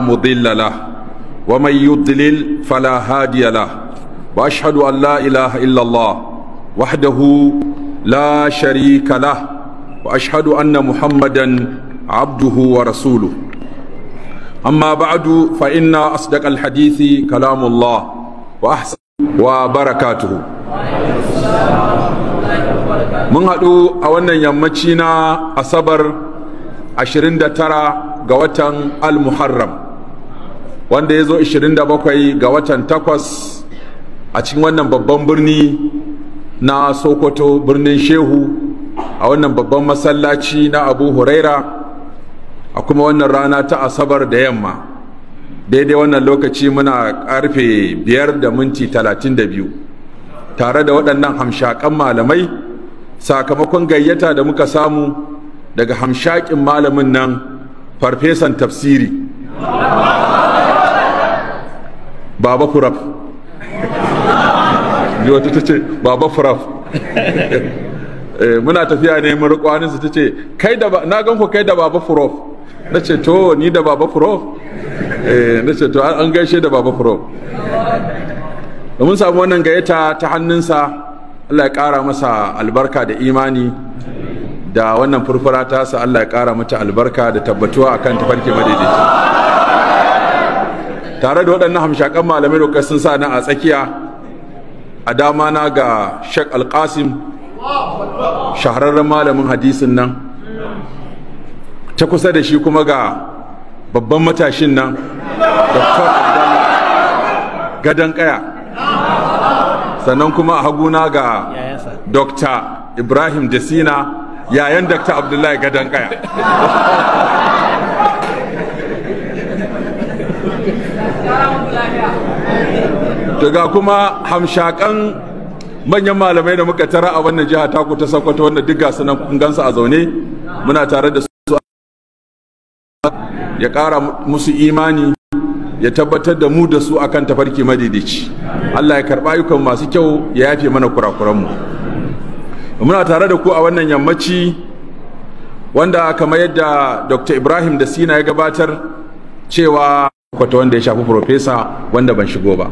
مضل له ومن يضلل فلا هادي له واشهد ان لا اله الا الله وحده لا شريك له واشهد ان محمدا عبده ورسوله اما بعد فان اصدق الحديث كلام الله واحسن وبركاته mun haɗu a wannan yammaci na asabar 29 ga watan al-muharram wanda ya zo 27 ga watan takwas a cikin wannan babban birni na sokoto birnin shehu a wannan babban masallaci na abu huraira a kuma wannan rana ta asabar da yamma daidai wannan lokaci muna karfe biyar da minti talatin da tare da waɗannan hamshakan malamai sakamakon gayyata da muka samu daga hamshakin malamin nan farfesan tafsiri baba furaf wata ta ce baba furaf eh, muna tafiya ne mun rikwanin su ta ce kai da na gan ku kai da baba furaf na ce to ni da baba furaf eh, na ce to an gaishe da baba furaf da mun samu wannan gayyata ta hannunsa Allah ya ƙara masa albarka da imani da wannan furfura ta sa Allah ya ƙara mata albarka da tabbatuwa akan tafarki madaidaici tare da waɗannan hamshakan malamai da sun sa na a tsakiya a dama na ga shek alkasim shahararren malamin hadisin nan ta kusa da shi kuma ga babban matashin nan gadon kaya sannan kuma a haguna ga dr ibrahim desina yayan dr abdullahi gadon ƙaya. daga kuma hamshakan manyan malamai da muka tara a wannan jiha taku ta sakwato wannan duk gasu nan kun gansu a zaune muna tare da su ya kara musu imani ya tabbatar da mu da su akan tafarki madidici Allah ya karba ayyukan masu kyau ya yafe mana kurakuran mu muna tare da ku a wannan yammaci wanda kamar yadda dr ibrahim da sina ya gabatar cewa kwata wanda ya shafi profesa wanda ban shigo ba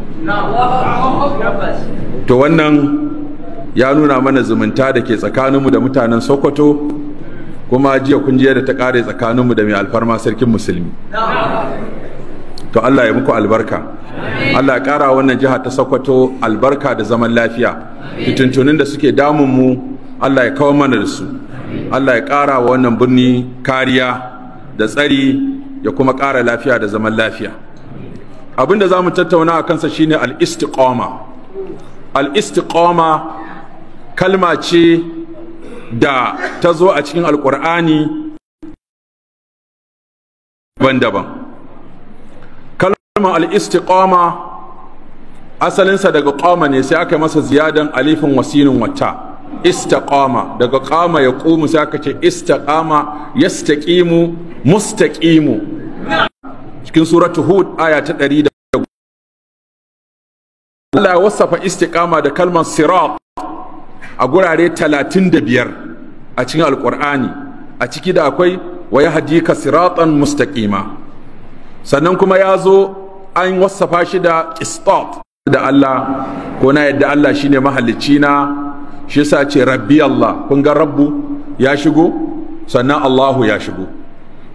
to wannan ya nuna mana zumunta da ke tsakaninmu da mutanen sokoto kuma jiya kun jiya da ta kare tsakaninmu da mai alfarma sarkin musulmi to allah ya muku albarka allah ya kara wannan jiha ta sokoto albarka da zaman lafiya fitintunin da suke damunmu allah ya kawo mana da su allah ya kara wa wannan birni kariya da tsari ya kuma ƙara lafiya da zaman lafiya abin da za mu tattauna a kansa shine al-istiqama al kalma ce da ta zo a cikin alkur'ani daban-daban kalmar al-istiqama asalinsa daga ƙoma ne sai aka masa ziyadan alifin wasinin wata istaqama daga qama ya qumu sai aka ce istaqama yastaqimu mustaqimu cikin suratu hud aya ta 100 Allah ya wasafa istiqama da kalmar sirat a gurare biyar a cikin alqur'ani a ciki da akwai wa yahdika siratan mustaqima sannan kuma ya zo an wasafa shi da qistat da Allah ko na yadda Allah shine mahalicci na shi yasa ce rabbi Allah kun ga rabbu ya shigo sannan Allahu ya shigo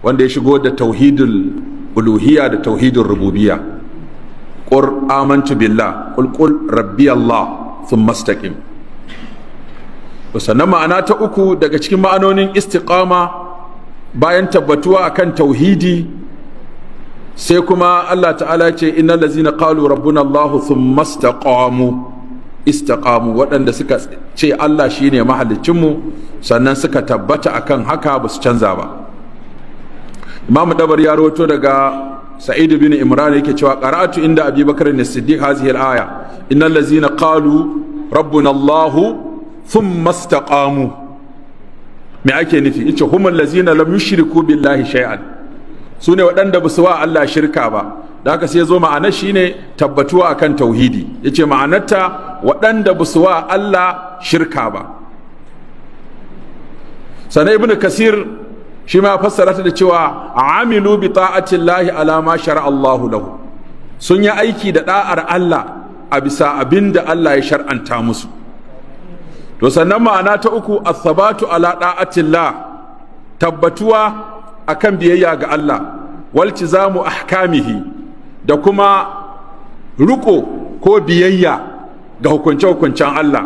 wanda ya shigo da tauhidul uluhiyya da tauhidul rububiyya qur amantu billah qul qul rabbi Allah thumma istaqim sannan ma'ana ta uku daga cikin ma'anonin istiqama bayan tabbatuwa akan tauhidi sai kuma Allah ta'ala ce innal ladzina qalu rabbuna Allah thumma istaqamu istaqamu waɗanda suka ce Allah shine mahaliccinmu sannan suka tabbata akan haka ba su canza ba Imam Dabar ya rawato daga Sa'idu bin Imran yake cewa qara'atu inda Abi Bakr as-Siddiq hazihi al-aya innal ladzina qalu rabbuna Allah thumma istaqamu me ake nufi yace humul ladzina lam yushriku billahi shay'an sune waɗanda ba su wa Allah shirka ba da haka sai zo ma'anar shine tabbatuwa akan tauhidi yace ma'anarta waɗanda ba su wa Allah shirka ba sannan ibn kasir shi ma fassara ta da cewa amilu bi ta'atillahi ala ma shar'a Allahu lahu sun yi aiki da da'ar Allah a bisa abin da Allah ya shar'anta musu to sannan ma'ana ta uku athabatu ala da'atillah tabbatuwa akan biyayya ga Allah waltizamu ahkamihi da kuma ruko ko biyayya ga hukunce-hukuncen Allah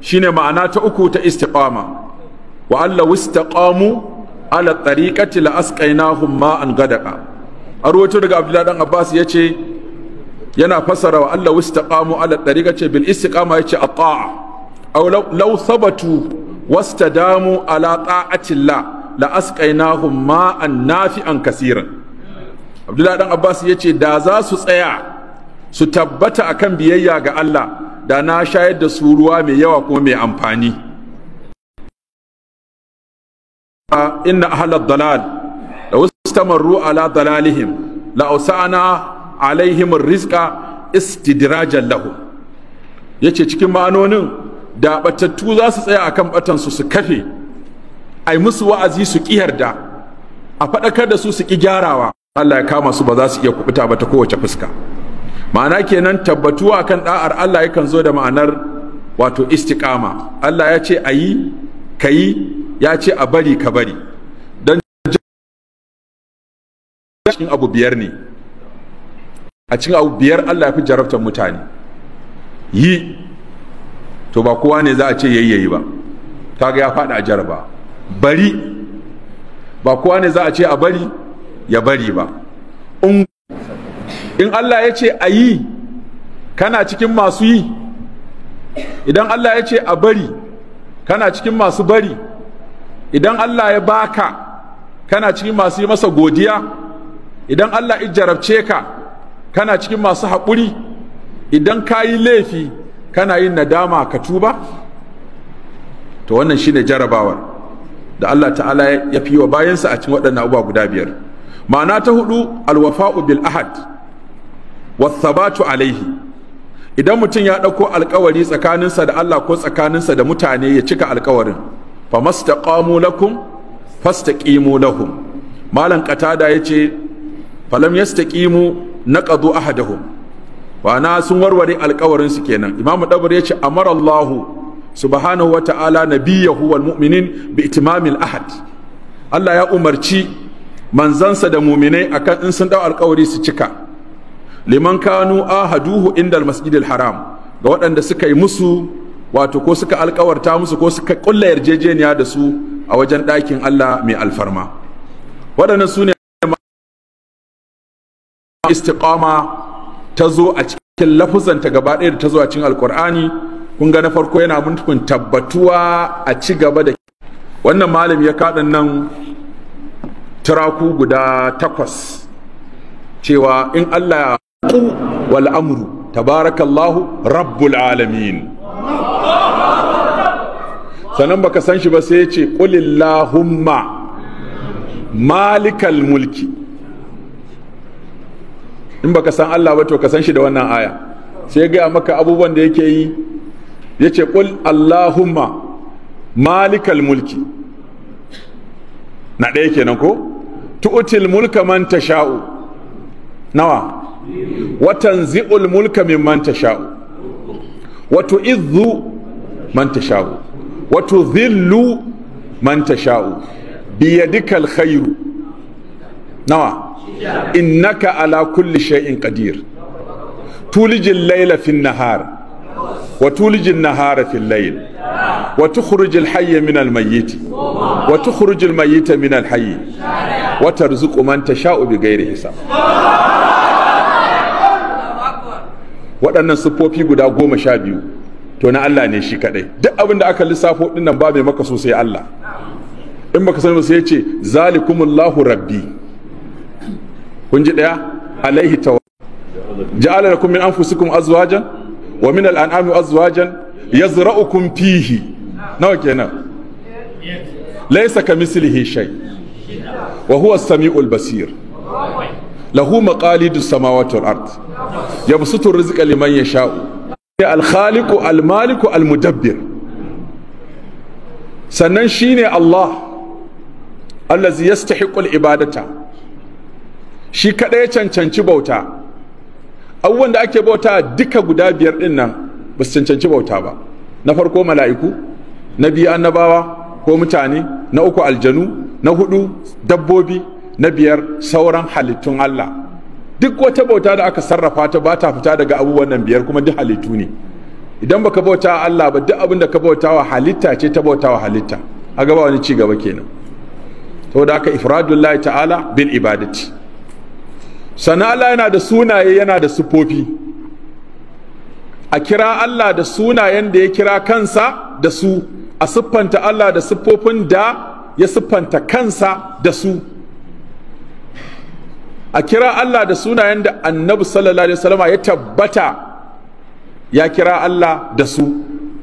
shi ne ma'ana ta uku ta istiqama wa Allah wistaqamu ala tariqati la asqainahum ma'an A rubutu daga Abdullahi dan Abbas ya ce yana fasara wa Allah wistaqamu ala tariqati bil istiqama yace ata'a aw law thabatu wastadamu ala ta'ati la la asqainahum ma'an nafi'an kaseeran Abdullahi dan Abbas ya ce da za su tsaya su tabbata akan biyayya ga Allah da na shayar da su ruwa mai yawa kuma mai amfani inna ahlad dalal da wasu wastamarru ala dalalihim la ausana alaihim rizqa istidrajan lahum yace cikin ma'anonin da batattu za su tsaya akan batan su su kafe ai musu wa'azi su yarda. a faɗakar da su su ki gyarawa Allah ya kama su ba za su iya kubuta ba ta kowace fuska ma'ana kenan tabbatuwa kan da'ar Allah yakan zo da ma'anar wato istiqama Allah ya ce ayi yi. ya ce a bari ka bari don cikin abu biyar ne a cikin abu biyar Allah ya fi jarabtar mutane yi to ba kowa ne za a ce yayyayi ba kaga ya faɗa a jaraba bari ba kowa ne za a ce a bari ya bari ba in Allah ya ce a yi kana cikin masu yi idan Allah ya ce a bari kana cikin masu bari idan Allah ya baka kana cikin masu yi masa godiya idan Allah ya jarabce ka kana cikin masu haƙuri idan ka yi laifi kana yin nadama ka tuba to wannan shine jarabawar da Allah ta'ala ya fi wa bayansa a cikin waɗannan abubuwa guda biyar ma'ana ta hudu alwafa'u bil ahad Wasabatu alaihi idan mutum ya ɗauko alkawari tsakaninsa da Allah ko tsakaninsa da mutane ya cika alkawarin fa lakum fastaqimu lahum malam qatada yace falam yastaqimu naqadu ahadahum wa na sun warware alkawarin su kenan imamu dabur yace amara Allah subhanahu wata'ala nabiyahu wal mu'minin bi itimamil ahad Allah ya umarci manzansa da mu'minai akan in sun dau alkawari su cika liman kanu ahaduhu indal masjidil haram ga waɗanda suka yi musu wato ko suka alkawarta musu ko suka kulla yarjejeniya da su a wajen ɗakin Allah mai alfarma waɗannan su ne istiqama ta zo a cikin lafuzan ta gaba ɗaya da ta zo a cikin alkur'ani kun ga na farko yana mutukun tabbatuwa a ci gaba da wannan malami ya kaɗan nan turaku guda takwas cewa in Allah ya wal amru tabarakallahu rabbul alamin sannan baka san shi ba sai ya ce qulillahumma malikal mulki in baka san Allah ba to ka san shi da wannan aya sai gaya maka abubuwan da yake yi yace qul allahumma malikal mulki na ɗaya kenan ko tu'util mulka man tasha'u nawa wa tanzi'ul mulka mimman tasha'u wa tu'izzu man tasha'u wa tudhillu man tasha'u biyadika alkhairu nawa innaka ala kulli shay'in qadir tulijin layla fi nahar wa tulijin nahara fi layl wa tukhrijul hayya min almayyit wa tukhrijul mayyita min alhayy wa hisa. waɗannan siffofi guda goma sha biyu to na Allah ne shi kaɗai duk abin da aka lissafo ɗin nan ba mai maka so sai Allah in baka sani ba sai ya ce zalikumullahu rabbi kun ji ɗaya alaihi tawa ja'ala lakum min anfusikum azwajan wa min al'anami azwajan yazra'ukum fihi nawa kenan laysa kamislihi shay wa huwa as-sami'ul basir lahu maqalidus samawati wal ard yabsutu rizqa liman yasha'u al khaliqu al maliku al mudabbir sannan shine Allah allazi yastahiqul ibadata shi kadai ya cancanci bauta abubuwan da ake bauta duka guda biyar din nan ba su cancanci bauta ba na farko mala'iku na biyu annabawa ko mutane na uku aljanu na hudu dabbobi na biyar sauran halittun Allah duk wata bauta da aka sarrafa ta ba ta fita daga abubuwan nan biyar kuma duk halittu ne idan baka bauta Allah ba duk abin da ka bauta wa halitta ce ta bauta wa halitta a gaba wani ci gaba kenan To da haka ifradullahi ta'ala bil ibadati sana Allah yana da sunaye yana da sufofi a kira Allah da sunayen da ya kira kansa da su a siffanta Allah da siffofin da ya siffanta kansa da su a kira Allah da sunayen da annabi sallallahu alaihi wasallama ya tabbata ya kira Allah da su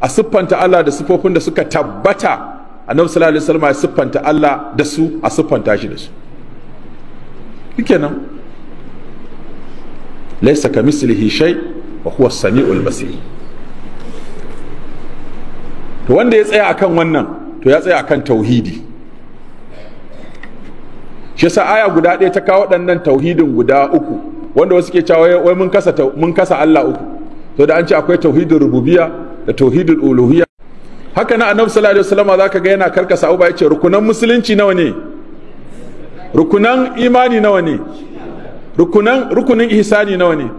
a siffanta Allah da sufofin da suka tabbata annabi sallallahu alaihi wasallama ya siffanta Allah da su a siffanta shi da su kenan laysa kamislihi shay wa huwa as-sami'ul basir to wanda ya tsaya akan wannan to ya tsaya akan tauhidi shi sa aya guda ɗaya ta kawo waɗannan tauhidin guda uku wanda wasu ke cewa wai mun kasa mun kasa Allah uku to da an ce akwai tauhidin rububiyya da tauhidin uluhiyya haka na annabi sallallahu alaihi wasallam zaka ga yana karkasa uba yace rukunan musulunci nawa ne rukunan imani nawa ne rukunan rukunin ihsani nawa ne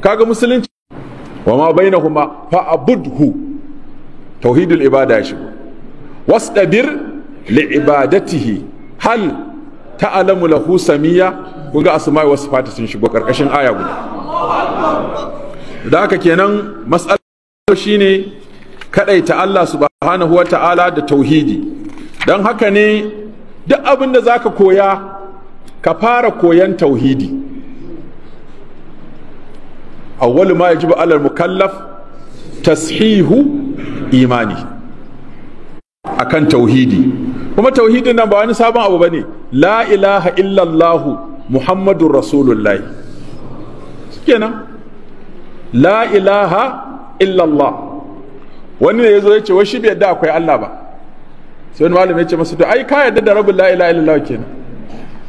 kaga musulunci wa ma bainahuma fa abudhu tauhidul ibada ya shigo wasdabir li ibadatihi hal ta'alamu lahu samiya kun ga asma'i wasu fata sun shigo karkashin aya guda da haka kenan mas'alar shine kadaita Allah subhanahu wa ta'ala da tauhidi don haka ne duk abin da zaka koya ka fara koyan tauhidi Auwalu ma yajibu alal mukallaf tashihu imani akan tauhidi kuma tauhidin nan ba wani sabon abu bane la ilaha illallah muhammadur rasulullah kenan la ilaha illallah wani ne yazo ya ce shi bai yadda akwai Allah ba sai wani malami ya ce masa to ai ka yadda da rabbul la ilaha illallah kenan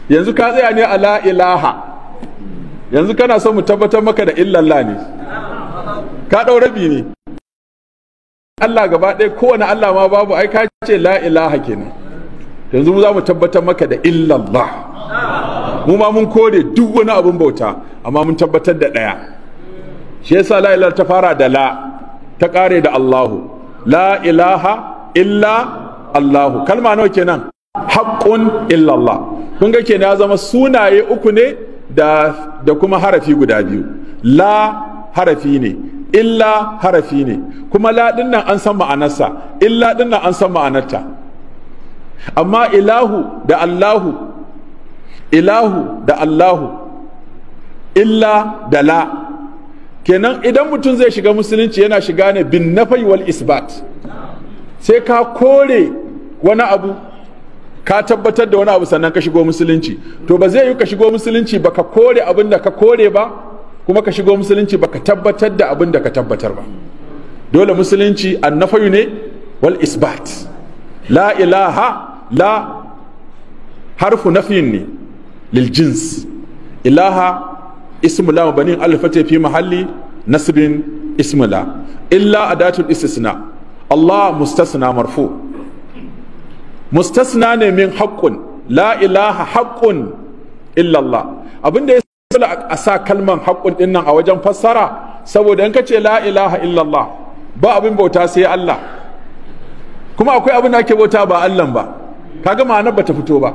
yanzu ka tsaya ne a la ilaha yanzu kana son mu tabbatar maka da illallah ne ka dau rabi ne Allah gaba ɗaya kowane Allah ma babu ai ka ce la ilaha kenan yanzu mu za mu tabbatar maka da illallah mu ma mun kore duk wani abun bauta amma mun tabbatar da ɗaya shi yasa la ilaha ta fara da la ta ƙare da Allahu la ilaha illa Allahu kalma nawa kenan haqqun illallah kun ga kenan ya zama sunaye uku ne da da kuma harafi guda biyu la harafi ne illa harafi ne kuma la nan an san ma'anarsa illa nan an san ma'anarta amma ilahu da allahu ilahu da allahu illa da la kenan idan mutum zai shiga musulunci yana shiga ne bin nafai wal isbat sai ka kore wani abu ka tabbatar da wani abu sannan ka shigo musulunci to ba zai yi ka shigo musulunci ba ka kore abin da ka kore ba kuma ka shigo musulunci baka tabbatar da abin da ka tabbatar ba dole musulunci annafayu ne wal isbat la ilaha la harfu nafin ne lil jins ilaha ismula la mabanin alfate fi mahalli nasbin ismu la illa adatul istisna Allah mustasna marfu mustasna ne min haqqun la ilaha haqqun illa Allah abinda ya dole a sa kalman haƙƙun ɗin nan a wajen fassara saboda in ka ce la ilaha illallah ba abin bauta sai Allah kuma akwai abin da ake bauta ba Allah ba kaga ma'ana ba ta fito ba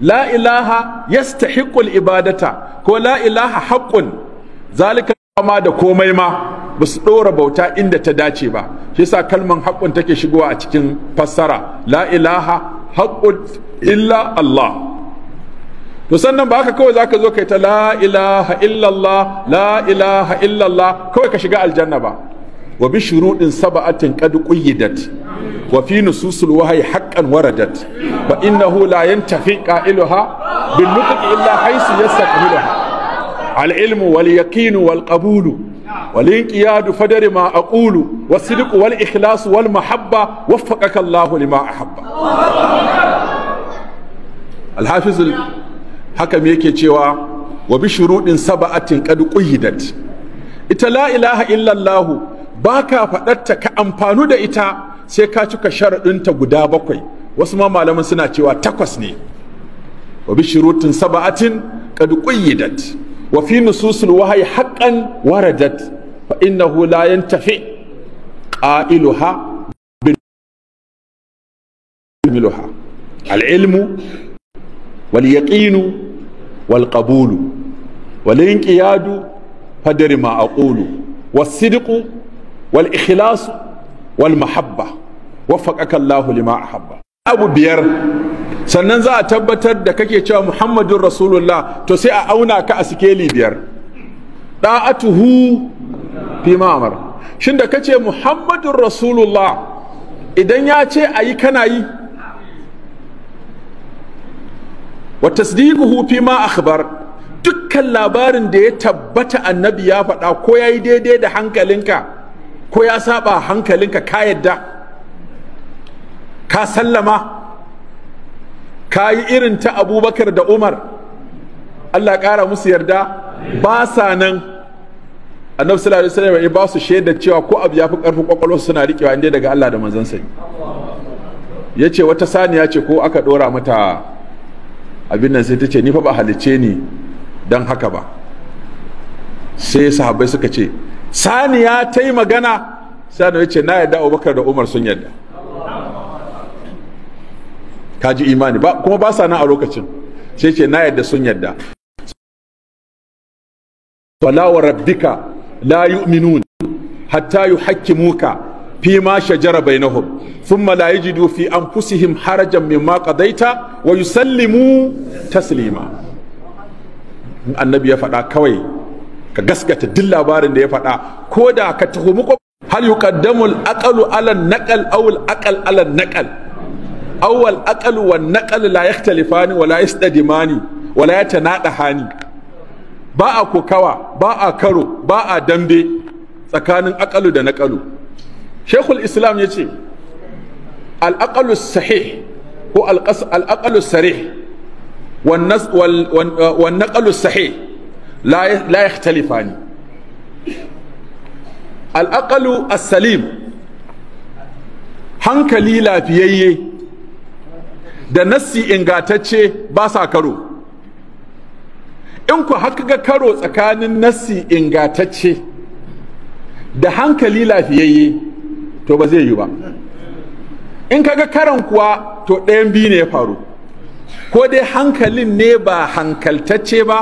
la ilaha yastahiqul ibadata ko la ilaha haqqun zalika ma da komai ma ba su ɗora bauta inda ta dace ba shi yasa kalman haƙƙun take shigowa a cikin fassara la ilaha haqqun illa Allah to sannan ba haka kawai zaka zo kai ta la ilaha illallah la ilaha illallah kawai ka shiga aljanna ba wa bi shuruɗin saba'atin qad quyyidat wa fi nususul wahyi haqqan waradat fa innahu la yantafi qa'iluha bil nutqi illa haythu yastaqbiluha al ilmu wal yaqin wal qabulu والانقياد فدر ما أقول والصدق والإخلاص والمحبة وفقك الله لما أحب الحافظ haka me yake cewa wa bi shuruɗin saba'atin qad quyidat ita la ilaha illallah ba ka faɗarta ka amfanu da ita sai ka cika sharaɗinta guda bakwai wasu ma malaman suna cewa takwas ne wa bi shurutin saba'atin qad quyyidat wa fi nususul wahyi haqqan waradat fa innahu la yantafi qailuha bil ilmu wal yaqinu wal qabulu wal inqiyadu fadri ma aqulu was wal ikhlasu wal mahabba waffaqaka Allahu lima abu biyar sannan za a tabbatar da kake cewa muhammadun rasulullah to sai a auna ka a sikeli biyar da'atuhu fi ma'amar shin da kace muhammadun rasulullah idan ya ce a yi kana yi Wata tasdiquhu hufi ma akhbar dukkan labarin da ya tabbata annabi ya faɗa ko ya yi daidai da hankalinka ko ya saba hankalinka ka yadda ka sallama ka yi irin ta abubakar da umar allah ƙara musu yarda ba sa nan annabi sallallahu alaihi wasallam ba su shaidar cewa ko abu ya fi ƙarfin kwakwalwa suna riƙewa inda daga allah da manzansa ya ce wata saniya ce ko aka ɗora mata abin nan sai ta ce ni fa ba halicce ni don haka ba sai sahabbai suka ce saniya ta yi magana sani ya ce na yadda abubakar da umar sun yadda kaji imani kuma ba sa nan a lokacin sai ce na yadda sun yadda fala wa rabbika la yu'minun hatta muka. fi ma shajara bainahum thumma la yajidu fi anfusihim harajan mimma qadaita wa yusallimu taslima annabi ya faɗa kawai ka gaskata duk labarin da ya faɗa ko da ka tuhumi ko hal yuqaddamu al aqalu ala naqal aw al aqal ala al naqal aw al aqal ba a kokawa ba a karo ba a dambe tsakanin akalu da naƙalu shekul islam ya ce al'aƙalus sahih ko sare sarih والنقل الصحيح لا لا يختلفان الأقل السليم hankali lafiyayye da nassi ingatacce ba sa karo in ku haka ga karo tsakanin nassi ingatacce da hankali lafiyayye to ba zai yi ba in kaga karan kuwa to ɗayan biyu ne ya faru ko dai hankalin ne ba hankaltacce ba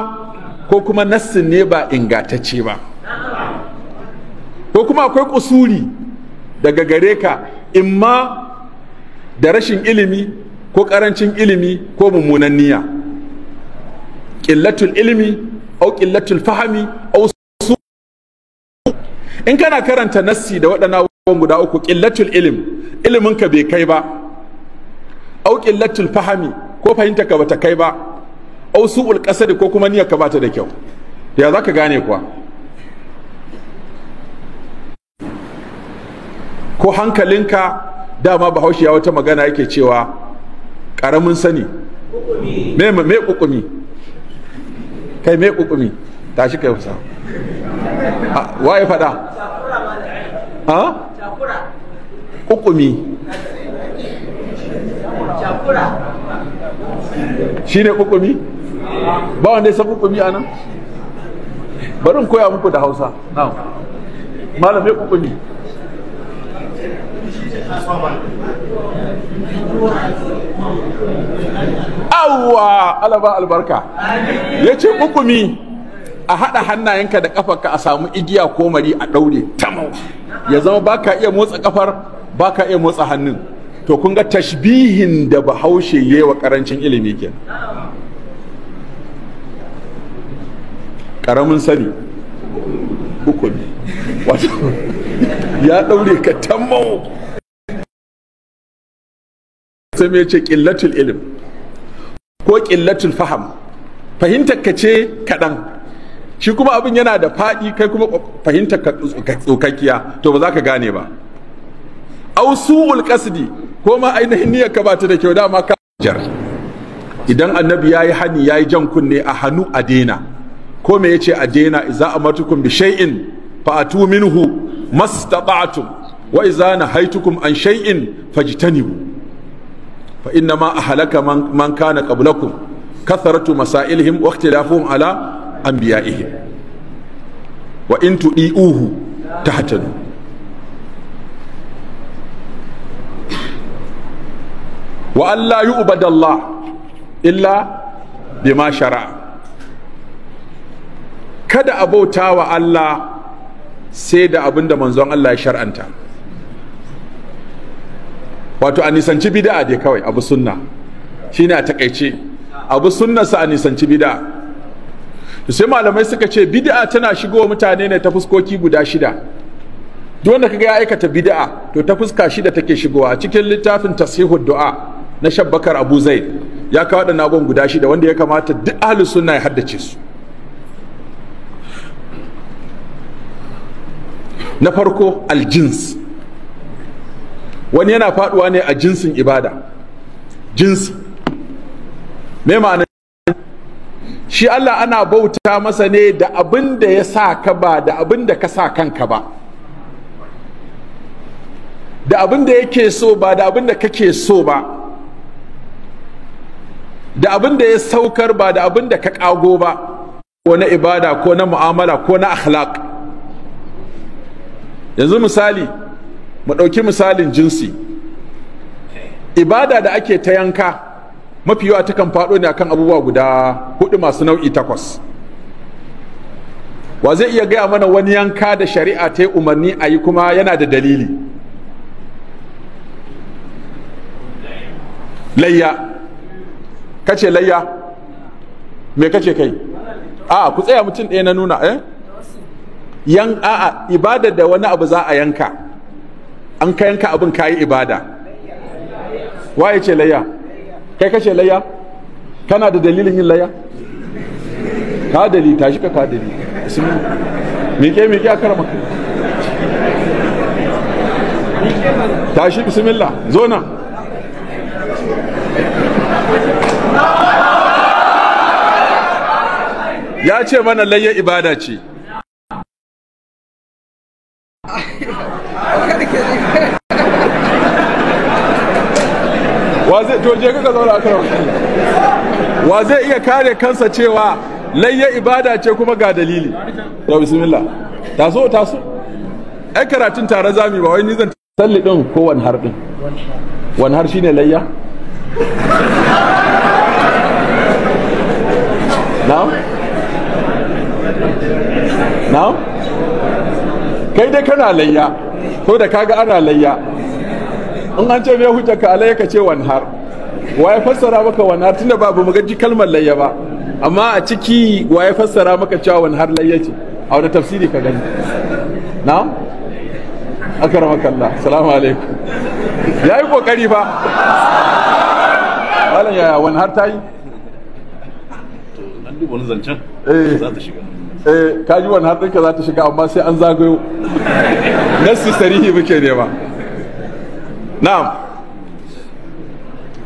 ko kuma nassin ne ba ingatacce ba ko kuma akwai kusuri daga gare ka imma da rashin ilimi ko karancin ilimi ko mummunan niyya ƙillatul ilimi au ƙillatul fahami au su in kana karanta nassi da waɗannan guda uku ƙillatul ilim ilimin bai kai ba au ƙillatul fahami ko fahimta ka bata kai ba au su'ul qasadi ko kuma niyyar ka bata da kyau ya zaka gane kuwa ko hankalinka dama bahaushe ya wata magana yake cewa ƙaramin sani me me kukumi kai me kukumi tashi kai ah, wa ya fada ha ah? ƙuƙumi shi ne ƙuƙumi ba wanda ya san ƙuƙumi a nan bari koya muku da hausa now malamai ƙuƙumi awwa alaba albarka ya ce ƙuƙumi a haɗa hannayenka da ƙafarka a samu igiya ko mari a ɗaure tamau ya zama ba ka iya motsa ƙafar ba ka iya motsa hannun to kun ga tashbihin da bahaushe yayi wa karancin ilimi ke karamin sani uku ne wato ya daure ka tammau sai mai ce ƙillatul ilim ko ƙillatul faham fahimtar ka ce kaɗan shi kuma abin yana da faɗi kai kuma fahimtar ka tsokakkiya to ba za ka gane ba au su'ul qasdi ko ma ainihin niyyar ka bata da kyau dama ka jar idan annabi yayi hani yayi jan kunne a hannu a dena ko me yace a dena idza amartukum bi shay'in fa atu minhu mastata'tum wa idza nahaitukum an shay'in fajtanibu fa inna ma ahlaka man, man kana qablakum kathratu masailihim wa ikhtilafuhum ala anbiya'ihim wa in tudi'uhu tahtanu wa Allah yi ubadallah illa bi ma shara kada a bauta wa Allah sai da abin da manzon Allah ya shar'anta wato a nisanci bida'a dai kawai abu sunna ne a takaice abu sunnarsa a nisanci bida'a sai malamai suka ce bida'a tana shigowa mutane ne ta fuskoki guda shida duk wanda kaga ya aikata bida'a to ta fuska shida take shigowa cikin littafin tasihud du'a na shabbakar abu zaid ya kawo da nagon guda shi da wanda ya kamata duk ahli sunna ya haddace su na farko aljins wani yana faduwa ne a jinsin ibada jins me ma'ana shi Allah ana bauta masa ne da abin da ya sa ka ba da abin da ka sa kanka ba da abin da yake so ba da abin da kake so ba da abin da ya saukar ba da abin da ka kago ba ko na ibada ko na mu'amala ko na akhlaq yanzu misali mu ɗauki misalin jinsi ibada da ake ta yanka mafi yawa takan faɗo ne akan abubuwa guda hudu masu nau'i takwas wa zai iya gaya mana wani yanka da shari'a ta yi umarni a yi kuma yana da dalili layya kace layya me kace kai a ku tsaya mutum ɗaya na nuna eh yan a'a ibada da wani abu za a yanka an ka yanka abin kayi ibada waye ce layya kai kace layya kana da dalilin yin layya ka ta tashi ka ka dali mike mike a karama tashi bismillah zo nan ya ce mana layya ibada ce wa zai iya kare kansa cewa layya ibada ce kuma ga dalili Ya bismillah taso taso ai karatun tare zami ba wai ni zan salli din ko wani har din wani har shine layya na'am na'am kai dai kana layya ko da kaga ana layya in an ce mai hujjar ka alayya ka ce wanhar wa ya fassara maka wanhar tunda ba ba magaji kalmar layya ba amma a ciki wa ya fassara maka cewa wanhar layya ce a wani tafsiri ka gani na kalla, salamu alaikum ya yi kokari fa malam yaya wani har ta yi wani zancen eh. za ta shiga Eh, kaji wannan har ka za ta shiga amma sai an zagayo nassi sarihi muke nema na'am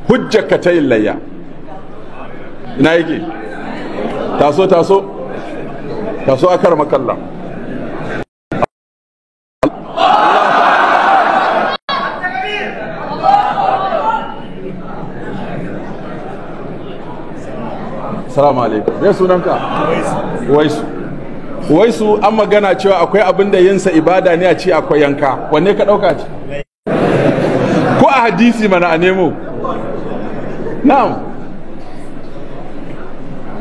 hujjaka ta yin layya ina yake taso taso taso a kar makalla salamu alaikum ya sunanka waisu wai su an magana cewa akwai abin da yinsa ibada ne a ce akwai yanka wanne ka ɗauka ce ko a hadisi mana a nemo na'am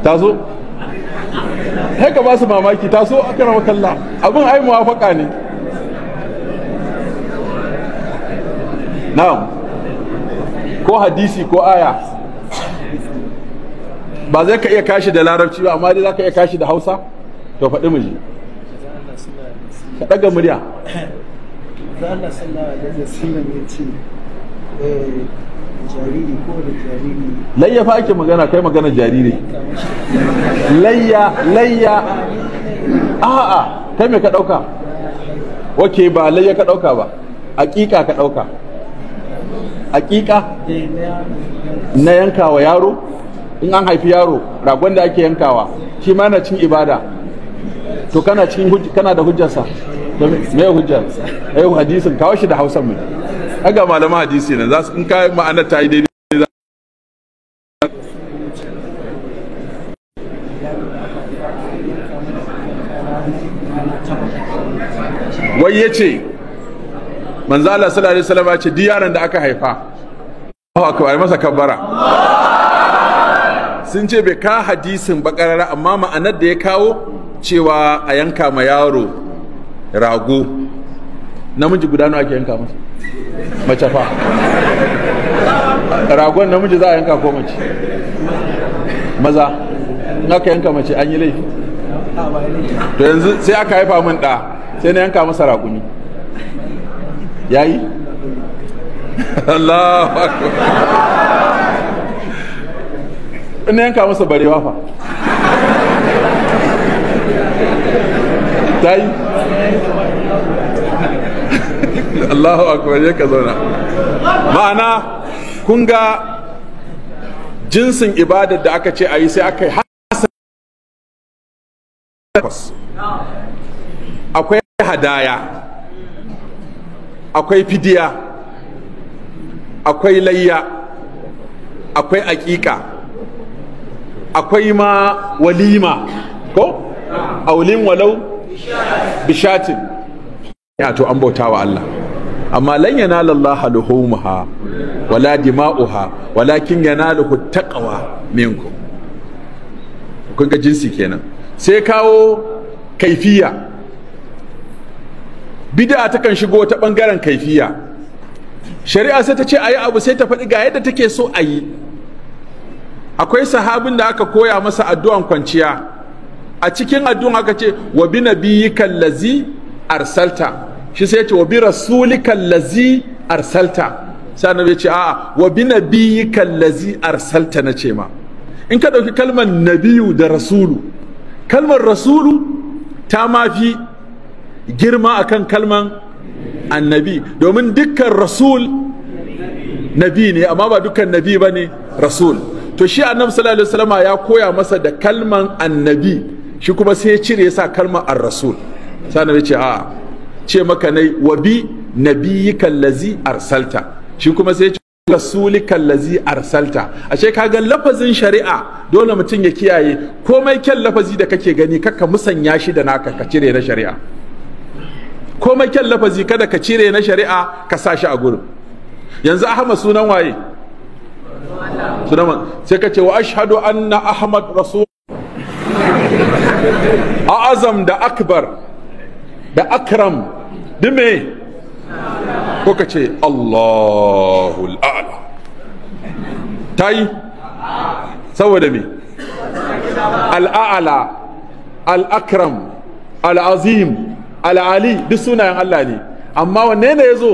zo haka ba su mamaki ta so a kan kalla abin ai muwafaka ne na'am ko hadisi ko aya ba zai ka iya kashi da larabci ba amma dai za ka iya kashi da hausa to faɗi mu ji ka ɗaga murya Allah sallallahu alaihi wasallam ya ce eh, jariri ko da jariri layya fa ake magana kai magana jariri layya layya a'a kai me ka ɗauka wake ba layya ka ɗauka ba aƙiƙa ka ɗauka aƙiƙa na yankawa yaro in an haifi yaro ragon da ake yankawa shi ma na cin ibada to kana cikin kana da hujjarsa me hujja eh hadisin kawo shi da Hausa mu aga malama hadisi ne za su in kai ma'anar ta yi daidai wai ya ce manzo Allah sallallahu alaihi wasallam ya ce diyaran da aka haifa Allahu akbar masa kabbara sun ce bai ka hadisin bakarara amma ma'anar da ya kawo cewa a yanka ma yaro rago namiji guda nawa ake yanka masa mace fa ragon namiji za a yanka ko mace maza in aka yanka mace an yi laifi to yanzu sai aka haifa min da sai na yanka masa raƙumi yayi Allah na yanka masa barewa fa ta allahu akbar ya ka zauna ma'ana kun ga jinsin ibadar da aka ce a yi sai aka yi akwai hadaya akwai fidiya akwai layya akwai aƙiƙa akwai ma walima ko aulin walau bishatin ya to an bauta wa Allah amma lan yanala Allah luhumha wala dima'uha walakin yanaluhu taqwa minkum kun ga jinsi kenan sai kawo kaifiya bid'a kan shigo ta bangaren kaifiya shari'a sai ta ce ayi abu sai ta faɗi ga yadda take so ayi akwai sahabin da aka koya masa addu'an kwanciya a cikin addu'an aka ce wa bi nabiyyika lazi arsalta shi sai ya ce wa bi arsalta sai annabi ya ce a'a wa bi nabiyyika lazi arsalta na ce ma in ka ɗauki kalmar nabiyu da rasulu kalmar rasulu ta mafi girma akan kalman annabi domin dukkan rasul nabi ne amma ba dukkan nabi ba ne rasul to shi annabi sallallahu alaihi wasallama ya koya masa da kalman annabi shi kuma sai ya cire ya sa kalma ar-rasul sanar ya ce a ce maka nai wa bi nabiyyika allazi arsalta shi kuma sai ya ce rasulika allazi arsalta ka kaga lafazin shari'a dole mutum ya kiyaye komai kyan lafazi da kake gani kaka musanya shi da naka ka cire na shari'a komai kyan lafazi kada ka cire na shari'a ka sa shi a gurin yanzu ahmad sunan waye sunan sai ka ce wa ashhadu anna ahmad rasul azam da akbar da akram dume kuka ce allahul a'la ta yi saboda me al'a'ala al'akram al'azim al'ali duk sunayen allah ne amma wanne ne ya zo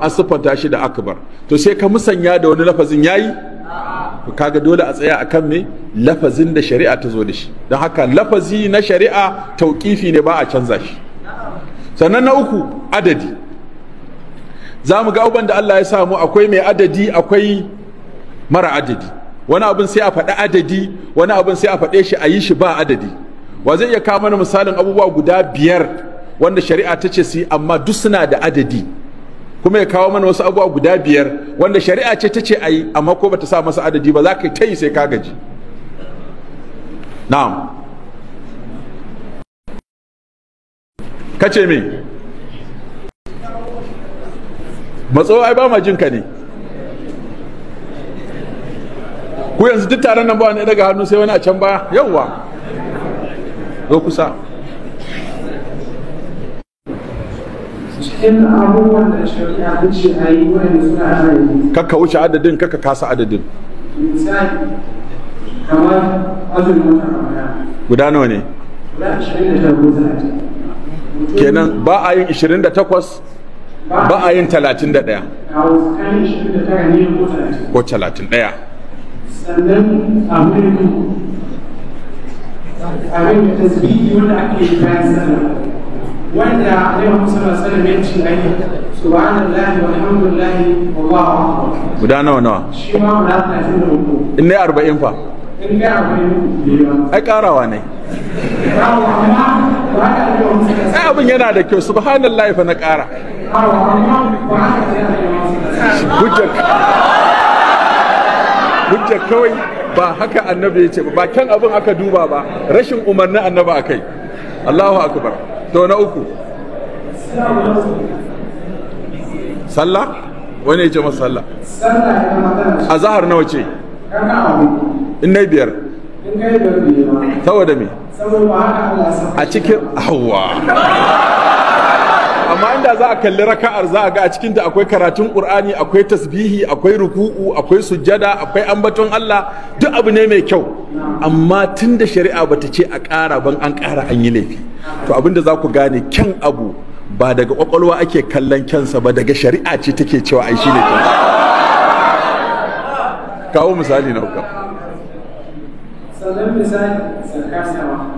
an siffanta shi da akbar to sai ka musanya da wani lafazin yayi ku kaga dole a tsaya akan me lafazin da shari'a ta zo da shi don haka lafazi na shari'a tauƙifi ne ba a canza shi sannan na uku adadi za mu ga uban da Allah ya samu akwai mai adadi akwai mara adadi wani abin sai a faɗi adadi wani abin sai a faɗe shi a yi shi ba adadi wa zai iya kawo mana misalin abubuwa guda biyar wanda shari'a ta ce su amma duk suna da adadi kuma ya kawo mana wasu abubuwa guda biyar wanda shari'a ce ta ce a yi amma ko bata sa masa adadi ba za ka yi ta yi sai ka gaji na'am ce me matso ai ba ma jinka ne ku yanzu duk taron nan ba wani daga hannu sai wani a can ba? yawwa zo kusa cikin wuce adadin kakka kasa adadin guda nawa ne guda kenan ba a yin 28 ba a yin 31 ko 31 sannan abin da tasbihi yi bayan sallah wanda alaihi wasallam sallam ya ci gani subhanallahi walhamdulillahi wallahu akbar guda nawa nawa shi ma guda mutu? in ne 40 fa in ne 40 ai karawa ne ai abin yana da kyau subhanallahi fa na kara hujjar hujjar kawai ba haka annabi ya ce ba kyan abin aka duba ba rashin umarni annabi a kai. Allahu akbar to na uku sallah wani ya ce masa sallah a zahar nawa ce in na biyar saboda me a cikin hawa amma inda za a kalli raka'ar za a ga a cikinta akwai karatun qur'ani akwai tasbihi akwai ruku'u akwai sujjada akwai ambaton Allah duk abu ne mai kyau amma tunda shari'a bata ce a ƙara ban an ƙara an yi laifi to abinda za ku gane kyan abu ba daga kwakwalwa ake kallon kyansa ba daga shari'a ce take cewa ai shine kyansa kawo misali na hukam sannan misali zakar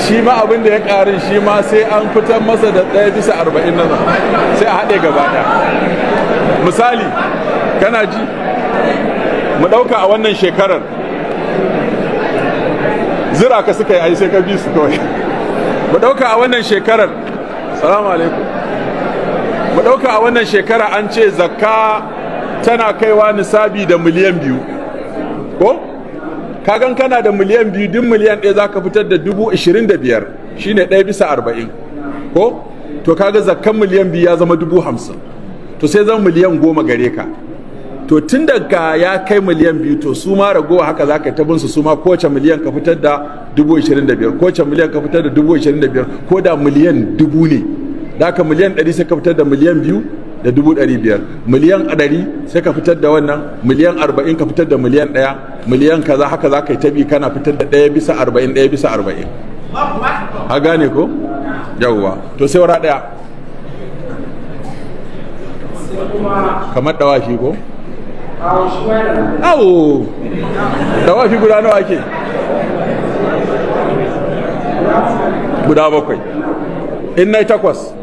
shi ma abin da ya karin shi ma sai an fitar masa da ɗaya bisa arba'in nan sai a haɗe gaba ɗaya misali kana ji mu ɗauka a wannan shekarar zira ka suka yi yi sai ka bi su kawai mu ɗauka a wannan shekarar salamu alaikum mu ɗauka a wannan shekara an ce zakka tana kaiwa nisabi da miliyan biyu ko kagan kana da miliyan biyu duk miliyan ɗaya za ka fitar da dubu ashirin da biyar shine ɗaya bisa arba'in ko to kaga zakkan miliyan biyu ya zama dubu hamsin to sai zama miliyan goma gare ka to tun daga ya kai miliyan biyu to su ma ragowa haka za ka yi tabinsu su ma kowace miliyan ka fitar da dubu ashirin da biyar kowace miliyan ka fitar da dubu ashirin da biyar ko da miliyan dubu ne da ka miliyan ɗari sai ka fitar da miliyan biyu da dubu ɗari biyar miliyan ɗari sai ka fitar da wannan miliyan arba'in ka fitar da miliyan ɗaya miliyan kaza haka za ka yi tabi kana fitar da ɗaya bisa arba'in ɗaya bisa arba'in a gane ko yawwa to sai wara ɗaya kamar ɗawafi ko awo ɗawafi guda nawa ke guda bakwai in na takwas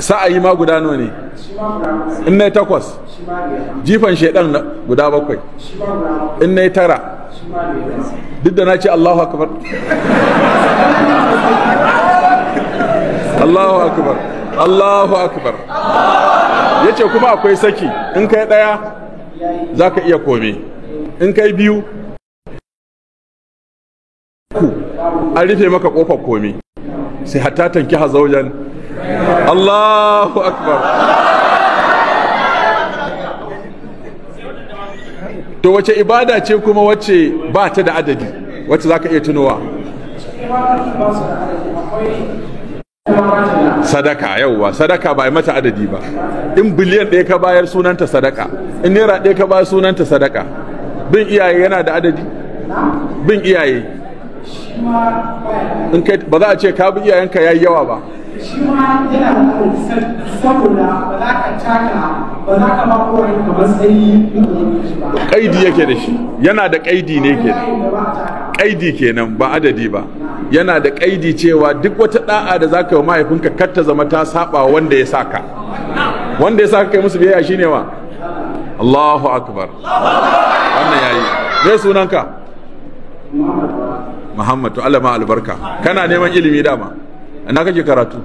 sa'ayi ma guda nawa ne in na takwas jifan shaidan guda bakwai in na tara duk da na ce allahu akbar allahu akbar allahu akbar ya ce kuma akwai saki in kai ɗaya za ka iya kome in kai biyu an rufe maka kofar kome sai hatta tanki hazaujan Allahu akbar to wace ibada ce kuma wace ba ta da adadi wace za ka iya tunowa sadaka yauwa sadaka ba mata adadi ba in biliyan ɗaya ka bayar sunanta sadaka in naira ɗaya ka bayar sunanta sadaka bin iyaye yana da adadi bin iyaye in ba za a ce ka bi iyayenka ya yi yawa ba shi ma yana da alfisan saboda ba za ka taka ba za ka ba kaidi yake da shi yana da kaidi ne ke kaidi kenan ba adadi ba yana da kaidi cewa duk wata da'a da za ka yi mahaifinka kar ta zama ta saba wanda ya saka wanda ya saka kai musu biyayya ne wa Allahu akbar wannan ya yi. me sunanka Muhammad to Allah ma albarka kana neman ilimi dama ina kake karatu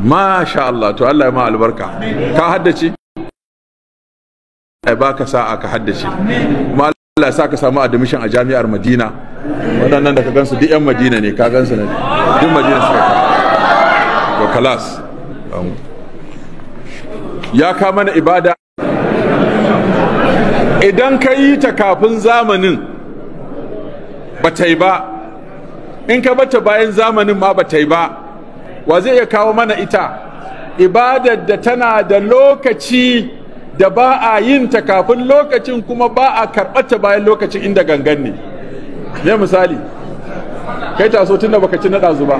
Masha Allah to Allah ya ma albarka ka haddace ai baka sa'a ka haddace kuma Allah ya sa ka samu admission a jami'ar Madina waɗannan da ka gansu duk 'yan Madina ne ka gansu ne duk Madina suka ka To kalas ya kama mana ibada idan ka yi ta kafin zamanin ba ta yi ba in ka bata bayan zamanin ma bata yi ba wa zai iya kawo mana ita ibadar da tana da lokaci da ba a yin ta kafin lokacin kuma ba a karɓata bayan lokacin inda gangan ne ne misali kai so tun da baka ci naɗa zuba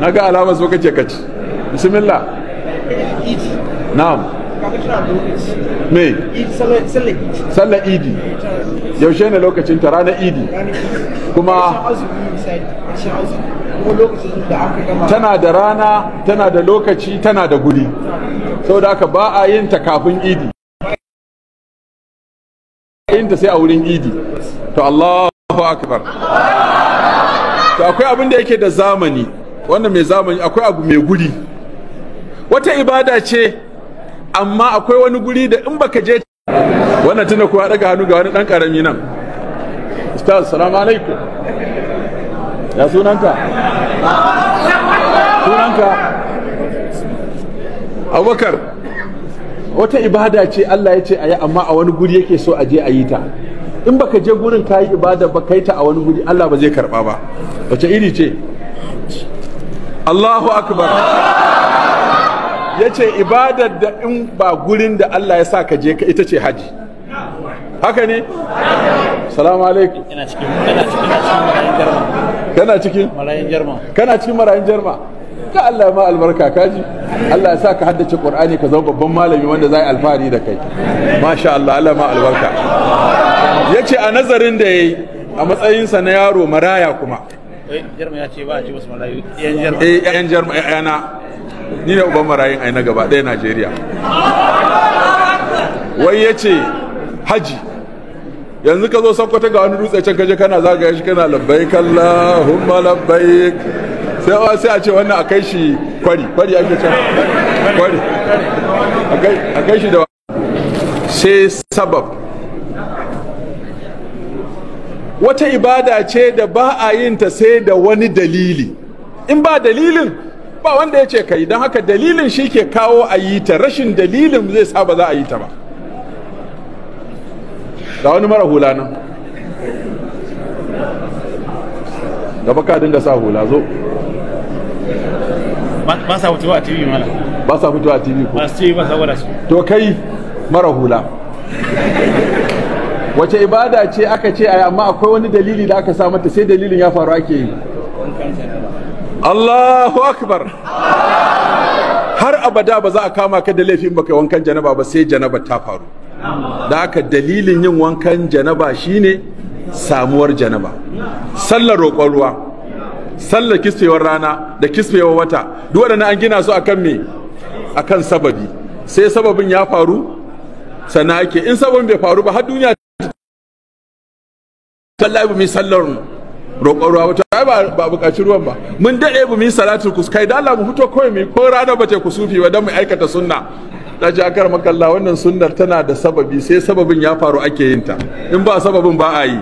na ga alamar zo kake kaci bismillah na'am me sallar idi yaushe ne lokacin ta ranar idi kuma tana da rana tana da lokaci tana da guri saboda haka ba a yin ta kafin idi yin ta sai a wurin idi to Allahu akbar to akwai abin da yake da zamani wanda mai zamani akwai abu mai guri wata ibada ce amma akwai wani guri da in baka je wannan tunda kuwa daga hannu ga wani dan karami nan ustaz salamu alaikum ya sunanka sunanka abubakar wata ibada ce Allah ya ce a yi amma a wani guri yake so a je a yi ta in baka je gurin ka yi ibada ba kai ta a wani guri Allah ba zai karba ba wace iri ce Allahu akbar ya ce ibadar da in ba gurin da Allah ya sa ka je ka ita ce haji haka ne? salamu alaikum kana cikin marayin jarma kana cikin marayin jarma kana cikin marayin jarma ka Allah ma albarka kaji Allah ya sa ka haddace Qur'ani ka zama babban malami wanda zai alfahari da kai masha Allah Allah ma albarka yace a nazarin da ya yi a matsayinsa na yaro maraya kuma yan eh, jarma ya ce ba a ji wasu marayu yan jarma eh, ni ne uban marayin aina gaba ɗaya najeriya wai ya ce haji yanzu ka zo sakwata ga wani dutse can kaje kana zagaya shi kana labbai kalla humma labbai sai a sai a ce wannan a kai shi kwari kwari ake can kwari a kai shi da sai sabab wata ibada ce da ba a yin ta sai da wani dalili in ba dalilin ba wanda ya ce ka yi don haka dalilin shi ke kawo a yi ta rashin dalilin zai sa ba za a yi ta ba ga wani mara hula nan gaba baka dinga sa hula zo ba sa fitowa a tv mala ba sa fitowa a tv ko ba su ce ba sa wada su to kai mara hula wace ibada ce aka ce a amma akwai wani dalili da aka sa mata sai dalilin ya faru ake yi Allahu akbar har abada ba za a kama ka da laifin baka wankan janaba ba sai janaba ta faru da haka dalilin yin wankan janaba shine samuwar janaba sallar roƙon ruwa sallar kisfewar rana da kisfewar wata duk an gina su akan me akan sababi sai sababin ya faru sana ake in sababin bai faru ba har duniya ta labu mai roƙon ruwa wata ai ba buƙaci ruwan ba mun daɗe mu yi salatu kus kai da Allah mu fito kawai mu ko rana ba ku sufi ba dan mu aikata sunna da ji akar makalla wannan sunnar tana da sababi sai sababin ya faru ake yin ta in ba sababin ba a yi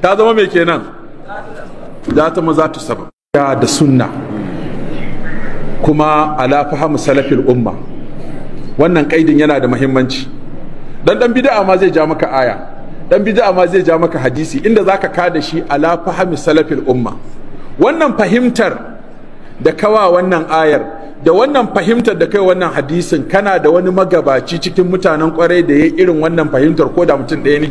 ta zama mai kenan za ta maza ta sabab da sunna kuma ala fahimu salafil umma wannan kaidin yana da muhimmanci dan dan bid'a ma zai ja maka aya dan bid'a ma zai ja maka hadisi inda zaka kada shi ala fahmi salafil umma wannan fahimtar da kawa wannan ayar da wannan fahimtar da kai wannan hadisin kana da wani magabaci cikin mutanen kwarai da ya irin wannan fahimtar ko da mutum ɗaya ne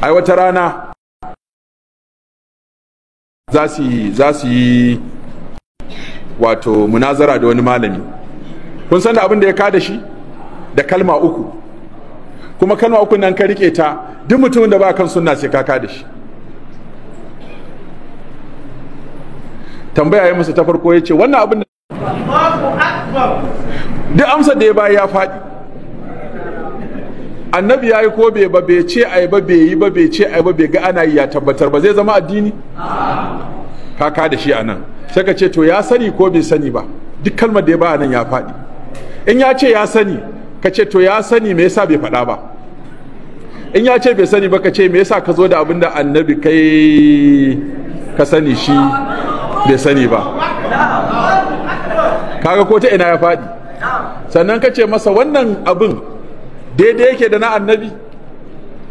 ai wata rana za su yi wato munazara da wani malami kun san da abin da ya kada shi da kalma uku kuma kalma uku nan ka rike ta duk mutumin da ba kan sunna sai ka da shi tambaya ya musu ta farko ya ce wannan abin da duk amsar da ya bayi ya faɗi annabi ya yi ko bai ba bai ce ai ba bai yi ba bai ce ai ba bai ga ana yi ya tabbatar ba zai zama addini ka da shi a nan sai ka ce to ya sani ko bai sani ba duk kalmar da ya ba a nan ya faɗi in ya ce ya sani ka ce to ya sani me yasa bai faɗa ba in ya ce bai sani ba ka ce me yasa ka zo da abin da annabi kai ka sani shi bai sani ba kaga ko ta ina ya faɗi sannan ka ce masa wannan abin daidai yake da na annabi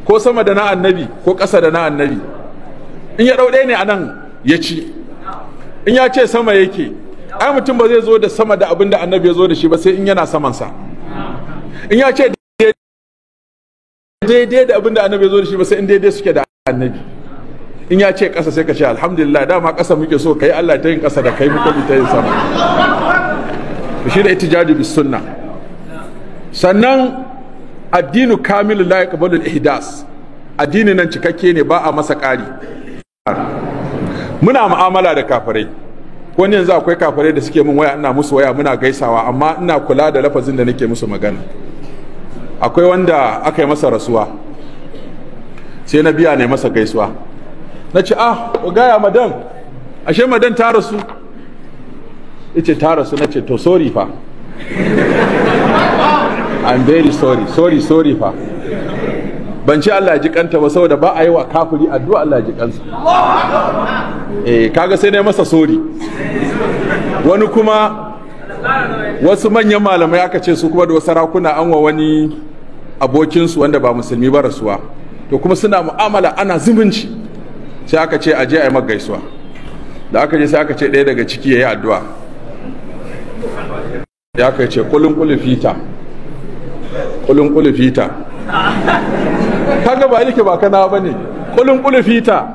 ko sama da na annabi ko ƙasa da na annabi in ya ɗau ɗaya ne a nan ya ci in ya ce sama yake ai mutum ba zai zo da sama da abin da annabi ya zo da shi ba sai in yana samansa in ya ce daidai da abin annabi ya zo da shi ba sai in daidai suke da annabi in ya ce ƙasa sai ka ce alhamdulillah dama ƙasa muke so kai Allah ta yin ƙasa da kai muka ta yin sama shi da ittijadu bis sunna sannan addinu kamilu la yaqbalu al ihdas addini nan cikakke ne ba a masa ƙari muna mu'amala da kafirai wani yanzu akwai kafarai da suke min waya ina musu waya muna gaisawa amma ina kula da lafazin da nake musu magana akwai wanda aka yi masa rasuwa sai na biya ne masa gaisuwa na ce ah gaya madan ashe madan ta rasu ita ta rasu na ce to sorry fa i'm very sorry sorry sorry fa ban ci Allah ji kanta ba saboda ba a yi wa kafiri addu'a Allah ji kansa eh kaga sai na masa sori wani kuma wasu manyan malamai aka ce su kuma da wasu rakuna an wa wani abokinsu wanda ba musulmi ba rasuwa to kuma suna mu'amala ana zumunci sai aka ce aje a yi gaisuwa da aka je sai aka ce ɗaya daga ciki ya yi addu'a ya aka ce kulun kulufita fita. Ka kaga ba yake ba kana ba ne kulun kulufita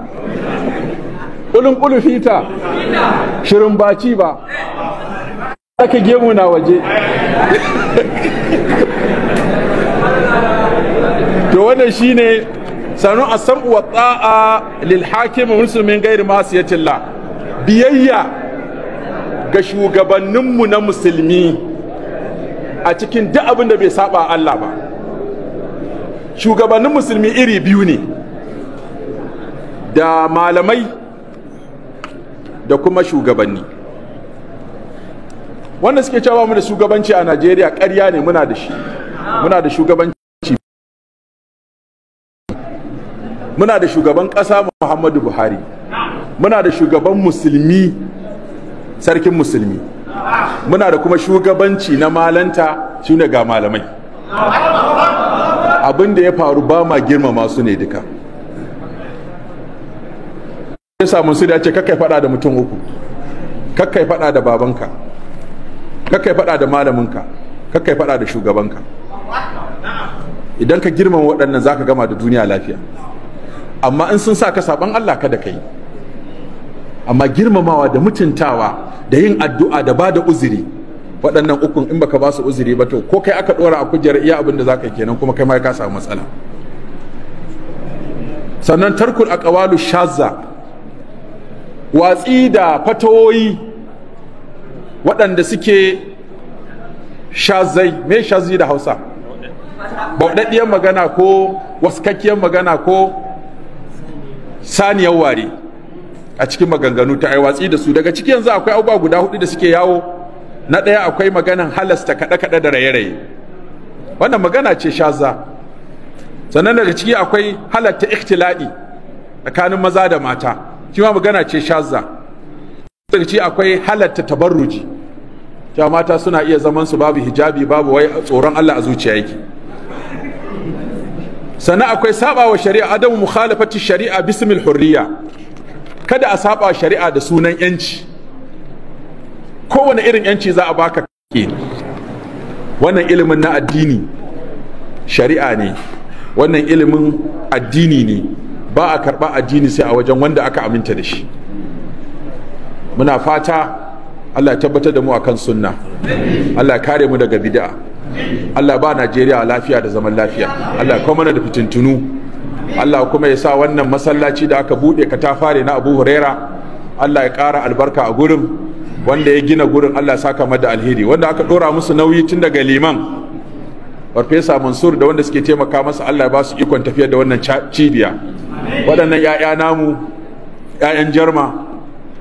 kulun fita shirin baci ba aka gemu na waje wannan shine sanu a san ta'a lil hakim musulmin gairi yatilla biyayya ga shugabanninmu na musulmi a cikin duk abin da bai saba Allah ba shugabannin musulmi iri biyu ne da malamai da kuma shugabanni wanda suke cewa mu da shugabanci a Najeriya karya ne muna da shi muna da shugabanci muna da shugaban ƙasa muhammadu buhari muna da shugaban musulmi sarkin musulmi muna da kuma shugabanci na malanta shine ga malamai abin da ya faru ba ma girmama su ne duka ya samu su da ce kakai fada da mutum uku kakai fada da babanka kakai fada da malaminka kakai fada da shugabanka idan ka girmama waɗannan za ka gama da duniya lafiya amma in sun sa ka saban Allah ka kada kai amma girmamawa da mutuntawa da yin addu'a da bada uzuri waɗannan ukun in baka ba su uzuri ba to ko kai aka ɗora a kujerar iya abin da zaka kenan kuma kai ma ka samu matsala sannan tarkul aqwalu shazza watsi da fatoyi waɗanda suke shazai me shazi da Hausa bauɗaɗɗiyar magana ko waskakkiyar magana ko saniyar ware a cikin maganganu ta aiwatsi da su daga ciki yanzu akwai abubuwa guda hudu da suke yawo na ɗaya akwai maganan halasta kaɗe-kaɗe da raye-raye wannan magana ce shaza sannan daga ciki akwai halatta ikhtila'i tsakanin maza da mata kima magana ce shaza daga ciki akwai halatta tabarruji cewa mata suna iya zaman su babu hijabi babu wai tsoron Allah a zuciya yake sannan akwai saba wa shari'a adamu mukhalafati shari'a bismil hurriya kada a saba shari'a da sunan yanci kowane irin yanci za a baka ke wannan ilimin na addini shari'a ne wannan ilimin addini ne ba a karɓa addini sai a wajen wanda aka aminta da shi muna fata allah ya tabbatar da mu akan sunna allah ya kare mu daga bid'a Allah ba Najeriya lafiya da zaman lafiya Allah kuma da fitintunu Allah kuma ya sa wannan masallaci da aka bude katafare na Abu Huraira Allah ya ƙara albarka a gurin wanda ya gina gurin Allah saka mada alheri wanda aka dora musu nauyi tun daga liman Farfesa Mansur da wanda suke taimaka masa Allah ya ba su ikon tafiyar da wannan cibiya waɗannan 'ya'ya namu 'ya'yan jarma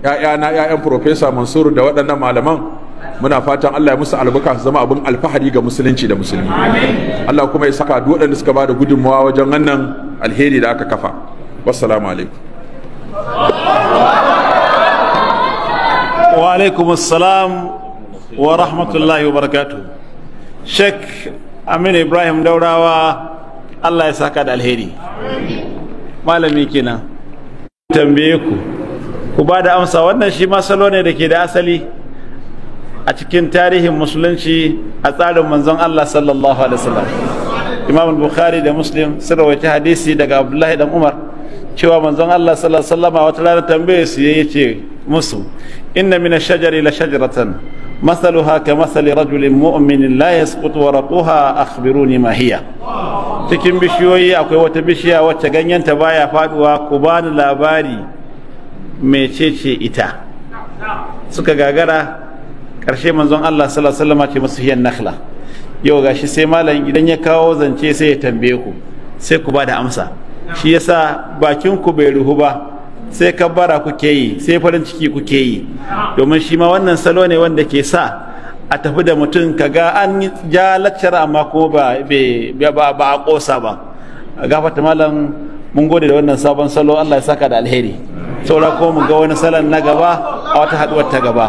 'ya'yana 'ya'yan Farfesa Mansur da waɗannan malaman muna fatan Allah ya musu albarka su zama abin alfahari ga musulunci da musulmi Allah kuma ya saka duk waɗanda suka ba da gudunmawa wajen wannan alheri da aka kafa wassalamu alaikum wa alaikum assalam wa rahmatullahi wa barakatu sheikh aminu ibrahim daurawa Allah ya saka da alheri malami kenan tambaye ku ku ba da amsa wannan shi ma salo ne da ke da asali a cikin tarihin musulunci a tsarin manzon Allah sallallahu alaihi wasallam Imam Bukhari da Muslim sun rawaita hadisi daga Abdullahi dan Umar cewa manzon Allah sallallahu alaihi wasallam wata rana tambaye su yayi ce musu inna min ash-shajari la shajaratan ka كمثل rajulin mu'minin la yasqutu waraquha akhbiruni ma hiya cikin bishiyoyi akwai wata bishiya wacce ganyenta baya faduwa ku bani labari mecece ita suka gagara karshe manzon Allah sallallahu alaihi wasallam ce musu hiyan nakhla yau gashi sai malam idan ya kawo zance sai ya tambaye ku sai ku bada amsa shi yasa bakin ku bai ruhu ba sai kabbara kuke yi sai farin ciki kuke yi domin shi ma wannan salo ne wanda ke sa a tafi da mutum kaga an ja laccar amma kuma ba a kosa ba gafata malam mun gode da wannan sabon salo Allah ya saka da alheri saura ko mu ga wani salon na gaba a wata haduwar ta gaba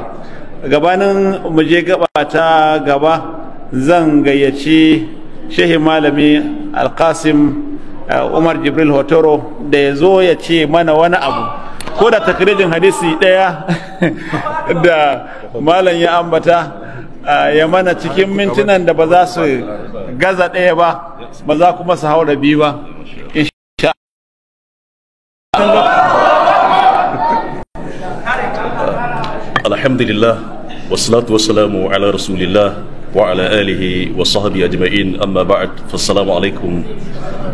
gabanin muje je gaba ta gaba zan gayyaci shehi malami alkasim eh, umar jibril hotoro da ya zo ya ce mana wani abu ko da takrijin hadisi daya da malam ya ambata eh, ya mana cikin mintunan da ba za su gaza daya ba ba za kuma su haura biyu ba لله wasalatu wasalamu ala rasulillah wa ala alihi wa sahabi ajma'in amma ba'd fassalamu alaikum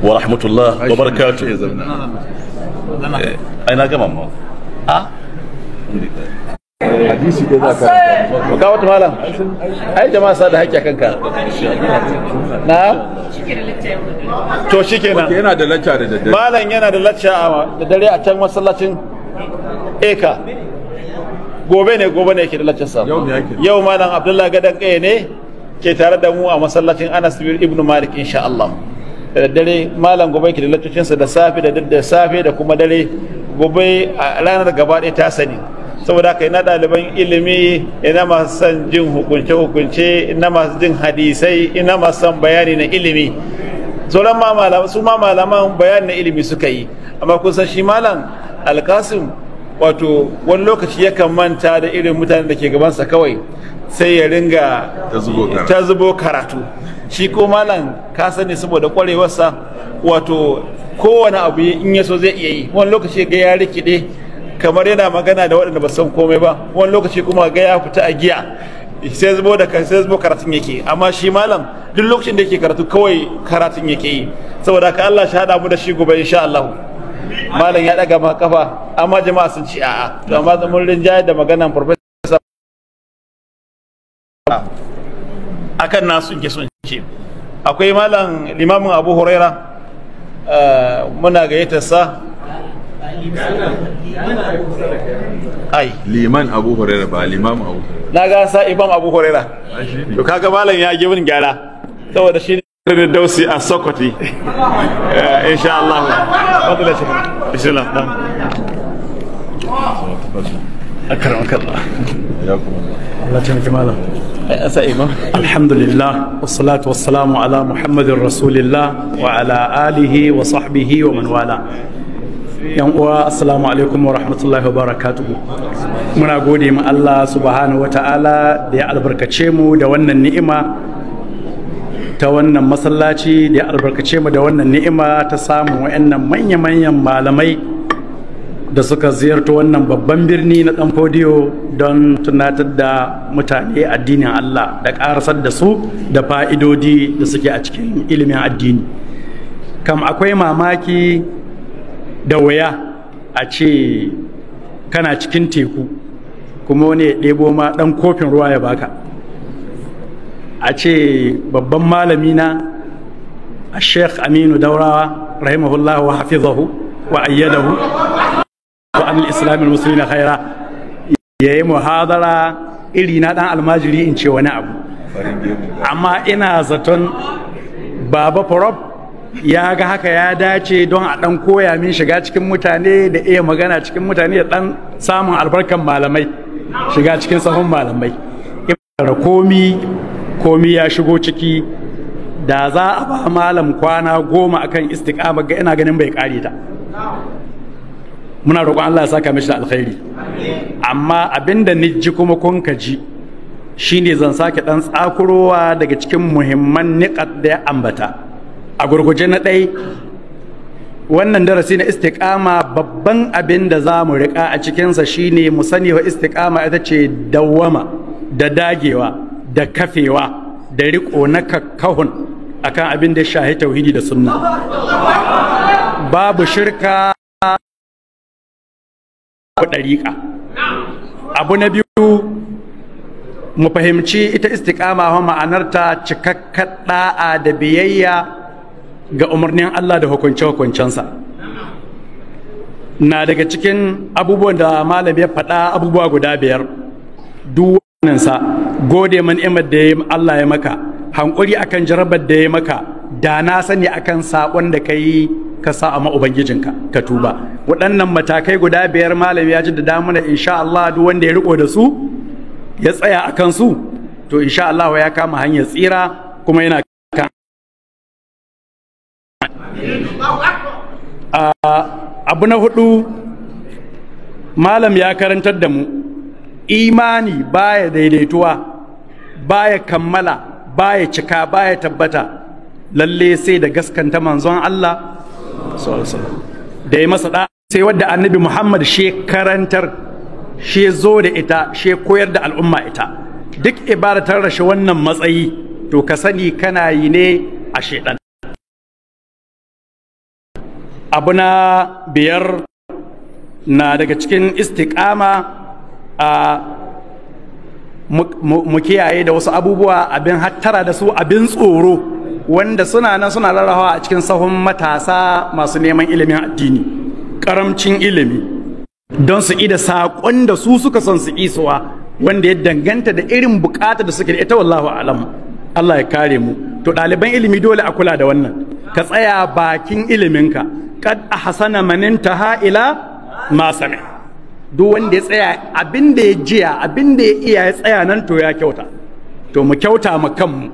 wa rahmatullah wa barakatuh ai eh, na gama ma a hadisi ko za ka ka wata malam ai jama'a sa da haƙƙi kanka na to shikenan yana da lacca da daddare malam yana da lacca da dare a can masallacin eka gobe ne gobe ne ke da laccinsa yau malam abdullah gadan kaya ne ke tare da mu a masallacin anas bin ibnu malik insha Allah da dare malam gobe ke da laccinsa da safe da da safe da kuma dare gobe ranar gaba ɗaya ta sani saboda kai ina ɗaliban ilimi ina masu son jin hukunce hukunce ina masu jin hadisai ina masu son bayani na ilimi sauran ma malaman su ma malaman bayani na ilimi suka yi amma kun san shi malam alkasim wato wani lokaci yakan manta da irin mutane da ke gabansa kawai sai ya ringa ta zubo karatu shi ko malam ka sani saboda kwarewarsa wato kowane abu in ya so zai iya yi wani lokaci ga ya rikide kamar yana magana da waɗanda ba san komai ba wani lokaci kuma ga ya fita a giya sai zubo da sai zubo karatun yake amma shi malam duk lokacin da yake karatu kawai karatun yake yi saboda ka Allah shahada mu da shi gobe insha Allah malam ya daga ma kafa amma jama'a sun ci a'a to amma mun rinjaye da maganan professor akan nasu ke sun ce akwai malam limamin abu huraira eh, muna gayyatar sa ai liman abu huraira ba limam abu na ga sa ibam abu huraira to kaga malam ya ji mun gyara saboda shi ne dausi a sokoti eh, insha Allah fadila shi نعم. الحمد لله والصلاه والسلام على محمد رسول الله وعلى اله وصحبه ومن والاه السلام عليكم ورحمة الله وبركاته من قودي ما الله سبحانه وتعالى دي على بركة شيمو دي ون النئمة ta wannan masallaci da ya albarkace mu da wannan ni'ima ta samun wa'annan manya-manyan malamai da suka ziyarta wannan babban birni na ɗan fodiyo don tunatar da mutane addinin Allah da ƙarasar da su da fa'idodi da suke a cikin ilimin addini kam akwai mamaki da waya a ce kana cikin teku kuma wani ya ɗebo ma ɗan kofin ruwa ya baka a ce babban malami na sheikh aminu daurawa rahimahullah wa hafizahu wa ayyadahu wa an islamin musulmi na khaira ya yi muhadara iri na dan almajiri in ce wani abu amma ina zaton baba farab ya ga haka ya dace don a dan koya min shiga cikin mutane da iya magana cikin mutane da dan samun albarkan malamai shiga cikin sahun malamai komi komi ya shigo ciki da za a ba malam kwana goma akan istiqama ga ina ganin bai kare ta muna roƙon Allah ya saka mishi da alkhairi amma abinda niji kuma kun ka ji shine zan sake ɗan tsakurowa daga cikin muhimman niqat da ya ambata a gurguje na ɗai wannan darasi na istikama babban abin da za mu riƙa a cikinsa shine mu sani wa istiqama ita ce dawwama da dagewa da kafewa da riƙo na kakkahun akan abin da shahi tauhidi da sunna babu shirka ko ɗariƙa abu na biyu mu fahimci ita istiƙama wa ma'anarta cikakkar ɗa'a da biyayya ga umarnin Allah da hukunce-hukuncensa na daga cikin abubuwan da malam ya faɗa abubuwa guda biyar duk wannan sa gode man imar da ya Allah ya maka hankuri akan jarabar da ya maka da na sani akan sakon da ka yi ka sa a ma'ubangijinka ka tuba waɗannan matakai guda biyar malam ya ji da damuna insha Allah duk wanda ya riko da su ya tsaya a su to insha Allah ya kama hanyar tsira kuma yana ka. Ah, abu na hudu malam ya karantar da mu imani baya daidaituwa baya kammala baya cika baya tabbata lalle sai da gaskanta manzon Allah da ya masa da sai wadda annabi Muhammad she karantar she zo da ita she koyar da al'umma ita duk ibadatar rashe wannan matsayi to ka sani kana yi ne a shedan abu na biyar na daga cikin istiqama a mu kiyaye da wasu abubuwa abin hattara da su abin tsoro wanda suna nan suna rarrawa a cikin sahun matasa masu neman ilimin addini karamcin ilimi don su ida saƙon da su suka son su isuwa wanda ya danganta da irin bukata da suke da ita wallahu alam Allah ya kare mu to ɗaliban ilimi dole a kula da wannan ka tsaya bakin iliminka kad ahsana manintaha ila ma sami duk wanda ya tsaya abin da ya jiya abin da ya iya ya tsaya nan to ya kyauta to mu kyauta ma kanmu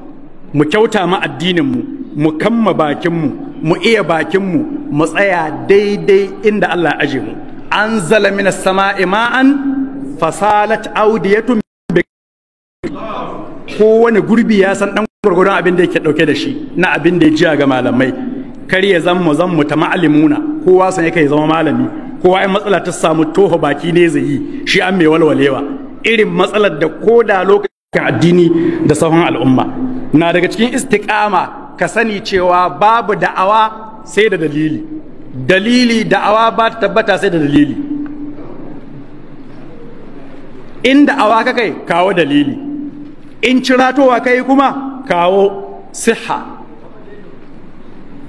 mu kyauta ma addininmu mu kamma bakinmu mu iya bakinmu mu tsaya daidai inda Allah ya aje mu an zala mina sama'i ma'an fasalat audiyatun wani gurbi ya san dan gurgurun abin da yake dauke da shi na abin da ya jiya ga malamai kar ya zama mu ta ma'alimuna kowa san yake zama malami kowa in matsala ta samu toho baki ne zai yi shi an mai walwalewa irin matsalar da ko da lokacin addini da sauran al'umma na daga cikin istiqama ka sani cewa babu da'awa sai da dalili dalili da'awa ba ta tabbata sai da dalili in da'awa ka kai kawo dalili in ciratowa kai kuma kawo siha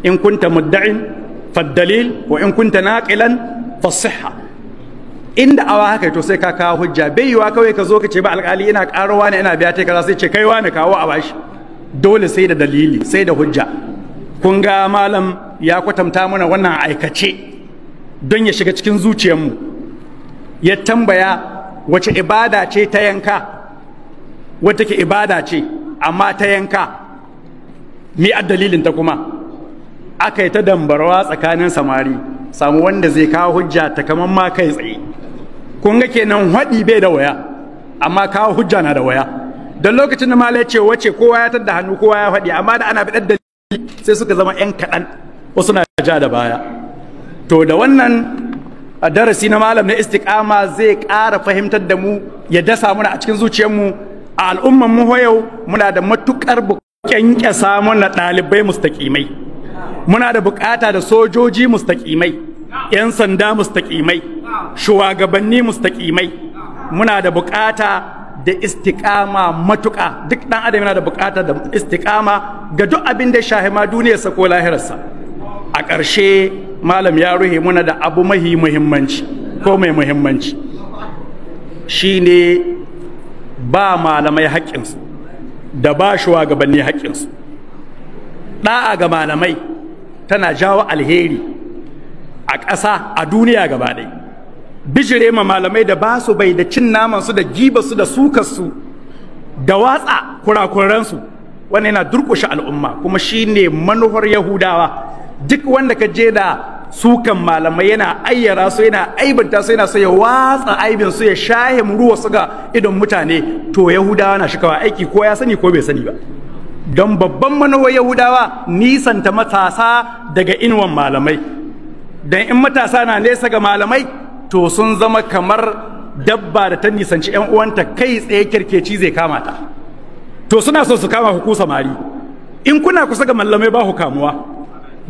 in kunta mudda'in dalil wa in kunta naqilan fasiha inda awa haka to sai ka kawo hujja bai yiwa kawai ka zo ka ce ba alƙali ina ƙarowa ne ina biya ta kaza sai ce kaiwa ne kawo a bashi dole sai da dalili sai da hujja kun ga malam ya kwatanta mana wannan aikace don ya shiga cikin zuciyarmu ya tambaya wace ibada ce ta yanka wata ke ibada ce amma ta yanka mi dalilin ta kuma aka yi ta dambarwa tsakanin samari samu wanda zai kawo hujja ta kaman ma kai tsaye kun ga kenan haɗi bai da waya amma kawo hujja na da waya don lokacin da malai ce wace kowa ya tadda hannu kowa ya haɗi amma da ana fitar da sai suka zama yan kaɗan wasu na ja da baya to da wannan a darasi na malam na istikama zai ƙara fahimtar da mu ya dasa muna a cikin zuciyarmu a al'ummar mu yau muna da matuƙar buƙatar ƙyasa mana ɗalibai mustaƙimai muna da bukata da sojoji mustaƙimai 'yan sanda mustaƙimai shugabanni mustaƙimai muna da bukata da istiƙama matuƙa duk ɗan adam yana da bukata da istiƙama ga duk abin da ma duniya sako lahirarsa a ƙarshe malam ya ruhe muna da abu mahi muhimmanci ko mai muhimmanci shine ba malamai haƙƙinsu da ba shugabanni haƙƙinsu ɗa'a ga malamai tana jawo alheri a ƙasa a duniya gaba ɗaya bijire ma malamai da ba su bai da cin naman su da giba su da sukar su da watsa kurakuransu su wannan yana durƙushe al'umma kuma shine manuhar yahudawa duk wanda ka je da sukan malamai yana ayyara su yana aibinta su yana so ya watsa aibin su ya shahe ruwa su ga idon mutane to yahudawa na shikawa aiki ko ya sani ko bai sani ba don babban manowar yahudawa nisanta matasa daga inuwan malamai don in matasa na nesa ga malamai to sun zama kamar dabba da ta nisanci 'yan uwanta kai tsaye kirkeci zai kama ta to suna so su kama ku samari in kuna kusa ga malamai ba ku kamuwa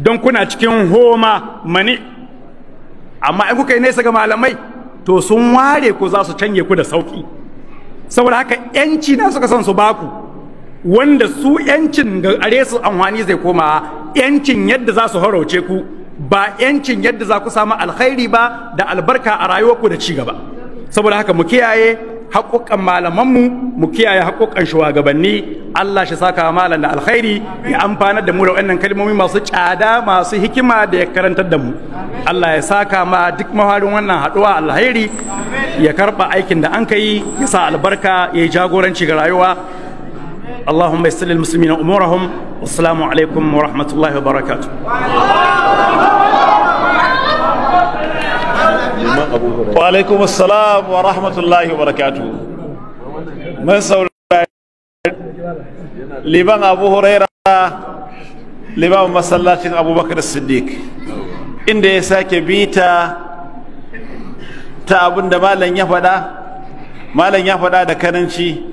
don kuna cikin homa mani amma in kuka yi nesa ga malamai to sun ware ku za su canye ku da sauki saboda haka 'yanci na suka son su baku wanda su yancin are su amfani zai koma yancin yadda za su harauce ku ba yancin yadda za ku samu alkhairi ba da albarka a rayuwarku da ci gaba saboda haka mu kiyaye haƙoƙan malamanmu mu mu kiyaye haƙoƙan shugabanni Allah shi saka malam da alkhairi ya amfanar da mu da wannan kalmomi masu tsada masu hikima da ya karantar da mu Allah ya saka ma duk mahalin wannan haɗuwa alkhairi ya karɓa aikin da an yi ya sa albarka ya jagoranci ga rayuwa اللهم يسر للمسلمين أمورهم والسلام عليكم ورحمة الله وبركاته wa alaikum assalam wa rahmatullahi wa barakatu mun saurari liban abu huraira liban masallacin abubakar siddiq inda ya sake bita ta abin da malam ya faɗa malam ya faɗa da karanci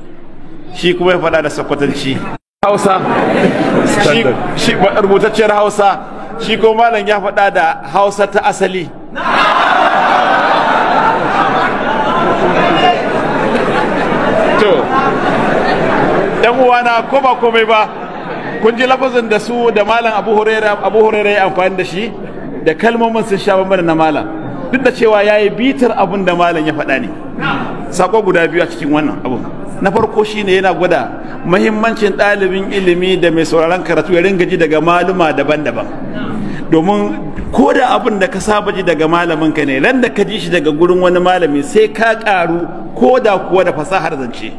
shi kuma ya faɗa da sakwatanci hausa shi rubutacciyar hausa shi kuma malam ya faɗa da hausa ta asali to ɗan uwana ko ba komai ba kun ji lafazin da su da malam abu hurairu ya amfani da shi da kalmomin sun sha bambana na malam duk da cewa ya yi bitar abin da malam ya faɗa ne sako guda biyu a cikin wannan abu na farko shi ne yana gwada mahimmancin ɗalibin ilimi da mai sauraron karatu ya ringa ji daga maluma daban-daban domin ko da abin da ka saba ji daga malamin ka ne ran da ka ji shi daga gurin wani malami sai ka karu ko da kuwa da fasahar zance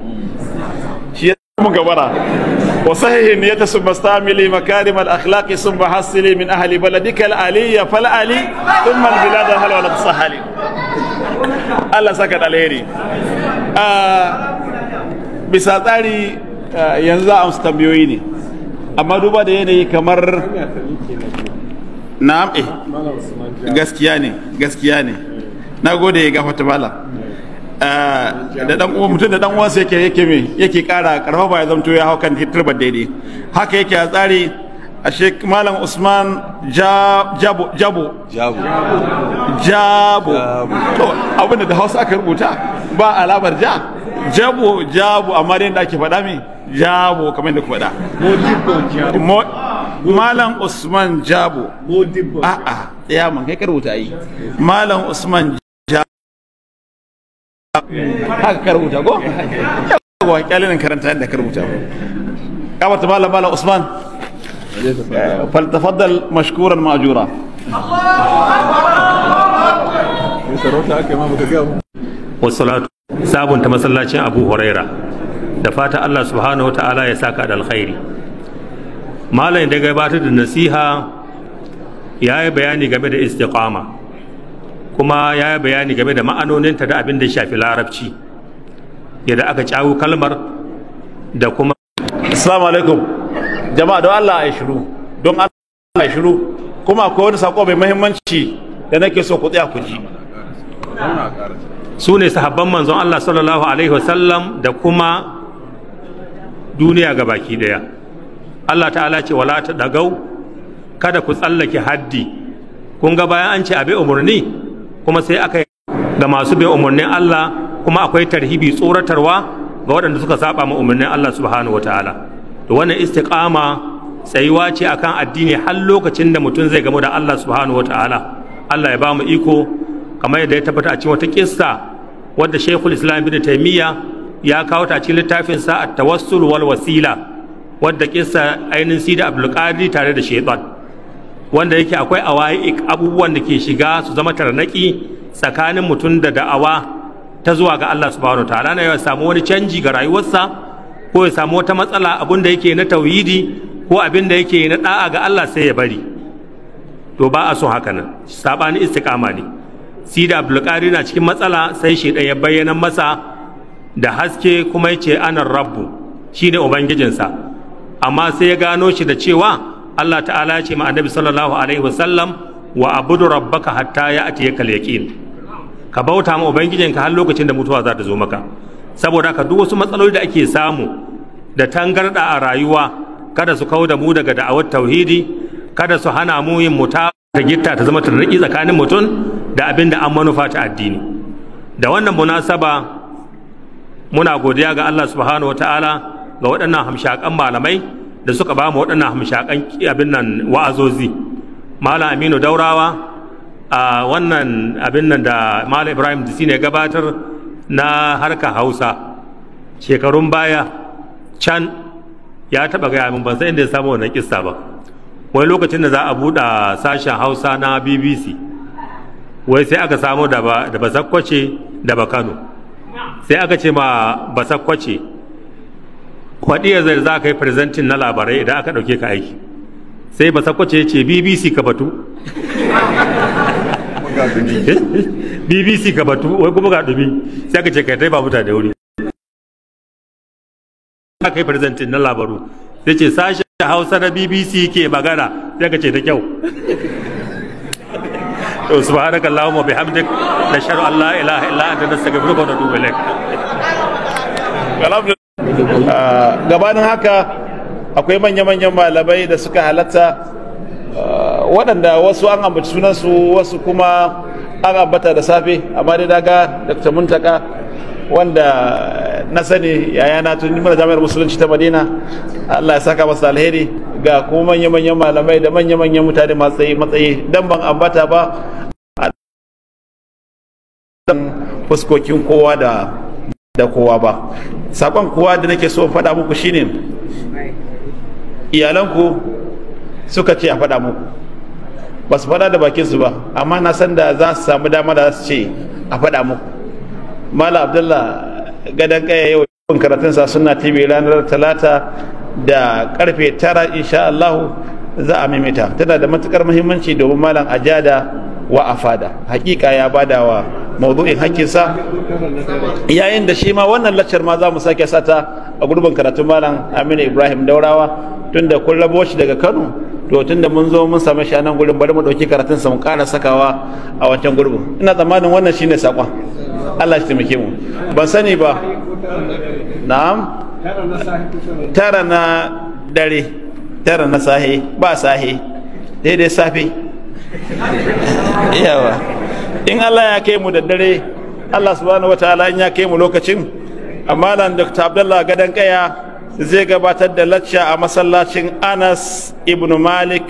مقبرة وصحيح نية ثم استعملي مكارم الأخلاق ثم حصلي من أهل بلدك الآلية فالآلي ثم البلاد هل ولا تصحلي الله سكت alheri. Ah, bisa tsari ah, yanzu za a amsa tambayoyi ne amma duba da yanayi kamar na'am eh gaskiya ne gaskiya ne na gode ya Eh, da dan uwa mutum da dan uwa sai yake yake me yake kara karfafa ya zamto ya hau kan ba daidai haka yake a tsari a shek malam usman jabo jabo jabo to abinda da hausa aka rubuta ba alamar ja jabo jabo amma dai da ake faɗa me jabo kamar da ku faɗa malam usman jabo a'a ya man kai ka rubuta yi malam usman jabo haka ka rubuta ko yawa kyalin karanta yadda ka rubuta ya wata Bala Bala usman faltafaddal mashkuran majura wasu sabunta masallacin abu huraira da fata allah subhanahu ta'ala ya saka da alkhairi malam da gabatar da nasiha ya yi bayani game da istiqama kuma ya yi bayani game da ma'anoninta da abin da shafi larabci yadda aka cawo kalmar da kuma assalamu alaikum jama'a don allah ya shiru don allah ya shiru kuma ko wani sako mai mahimmanci da nake so ku tsaya ku ji su ne sahabban manzon allah sallallahu alaihi wasallam da kuma duniya ga baki daya allah ta'ala ce wala ta dagau kada ku tsallake haddi kun ga bayan an ce abin umarni kuma sai aka yi ga masu bin umarnin Allah kuma akwai tarhibi tsoratarwa ga waɗanda suka saba ma umarnin Allah subhanahu ta'ala to wannan istiqama tsayuwa ce akan addini har lokacin da mutum zai gamu da Allah subhanahu ta'ala Allah ya ba mu iko kamar yadda ya tabbata a cikin wata kissa wadda Sheikhul Islam Ibn Taymiyyah ya kawo ta cikin littafin sa at-tawassul wal wasila wadda kissa ainin Sidi Abdul Qadir tare da Shaytan wanda yake akwai awaiq abubuwan da ke shiga su zama tarnaki tsakanin mutum da da'awa ta zuwa ga Allah subhanahu ta'ala na ya samu wani canji ga rayuwarsa ko ya samu wata matsala abin da yake na tauhidi ko abin da yake na da'a ga Allah sai ya bari to ba a so haka nan sabani istiqama ne sida abdulkari na cikin matsala sai shi ya bayyana masa da haske kuma yace ce ana rabbu shine ubangijinsa amma sai ya gano shi da cewa Allah ta'ala ya ce ma annabi sallallahu alaihi wasallam wa abudu rabbaka hatta ya ati yakal yaqin ka bauta ma ubangijinka har lokacin da mutuwa za ta zo maka saboda ka duk wasu matsaloli da ake samu da tangarda a rayuwa kada su kawo da mu daga da'awar tauhidi kada su hana mu yin muta ta gitta ta zama tarriki tsakanin mutum da abin da an manufa ta addini da wannan munasaba muna godiya ga Allah subhanahu wataala ga waɗannan hamshakan malamai da suka ba mu waɗannan hamshakan abin nan wa'azozi malam aminu daurawa a wannan abin nan da malam ibrahim disi ne gabatar na harka hausa shekarun baya can ya taɓa gaya min ban san inda ya samu wannan kissa ba wai lokacin da za a buɗe sashen hausa na bbc wai sai aka samu da ba da da ba kano sai aka ce ma ba sakkwace kwaɗiyar zai za ka yi presenting na labarai idan aka ɗauke ka aiki sai ba sakwace ce bbc ka batu bbc ka batu wai kuma ga ɗumi sai aka ce kai taiba da wuri za ka yi presenting na labaru sai ce sashen hausa na bbc ke magana sai aka ce da kyau to su subhanaka allahumma bihamdik nashhadu an la ilaha illa anta nastaghfiruka wa natubu ilaik Ah, gabanin haka akwai manya-manyan malamai da suka halatta ah, waɗanda wasu an ambaci sunansu wasu kuma an ambata da safe amma dai daga dr muntaka wanda na sani yaya na tun mana jami'ar musulunci ta madina allah ya saka masa alheri ga kuma manya-manyan malamai da manya-manyan mutane matsayi-matsayi don ban ambata ba a fuskokin kowa da da kowa ba sakon kowa da nake so faɗa muku shine iyalanku suka ce a faɗa muku ba su faɗa da bakinsu ba amma na san da za su samu dama da su ce a faɗa muku mala abdullah gadon ƙaya yau karatun karatunsa suna tv ranar talata da ƙarfe tara insha allahu za a maimaita tana da matukar muhimmanci domin malam ajada wa afada hakika ya bada wa maudu'in hakinsa. yayin da shi ma wannan laccar ma za mu sake sata a gurbin karatun malam aminu ibrahim daurawa tunda kun rabo shi daga kano to tunda mun zo mun same shi a nan gurin bari mu ɗauki karatun sa mu ƙara sakawa a wancan gurbin ina tsammanin wannan shine sakon. allah shi taimake mu ban sani ba na'am tara na dare tara na sahi ba sahe daidai safe yawa in Allah ya kai mu da dare Allah subhanahu wataala in ya kai mu lokacin amma nan Dr. Abdullah Gadan Kaya zai gabatar da lacca a masallacin Anas ibn Malik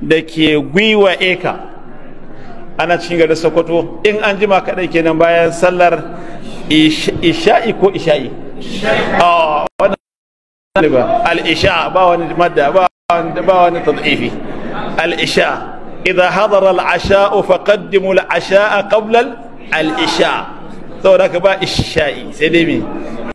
da ke gwiwa eka ana cikin garin sokoto in an jima kaɗai kenan bayan sallar isha'i ko isha'i ah, al-isha ba wani madda ba wani tadhifi al-isha إذا حضر العشاء فقدموا العشاء قبل العشاء saboda ka ba isha'i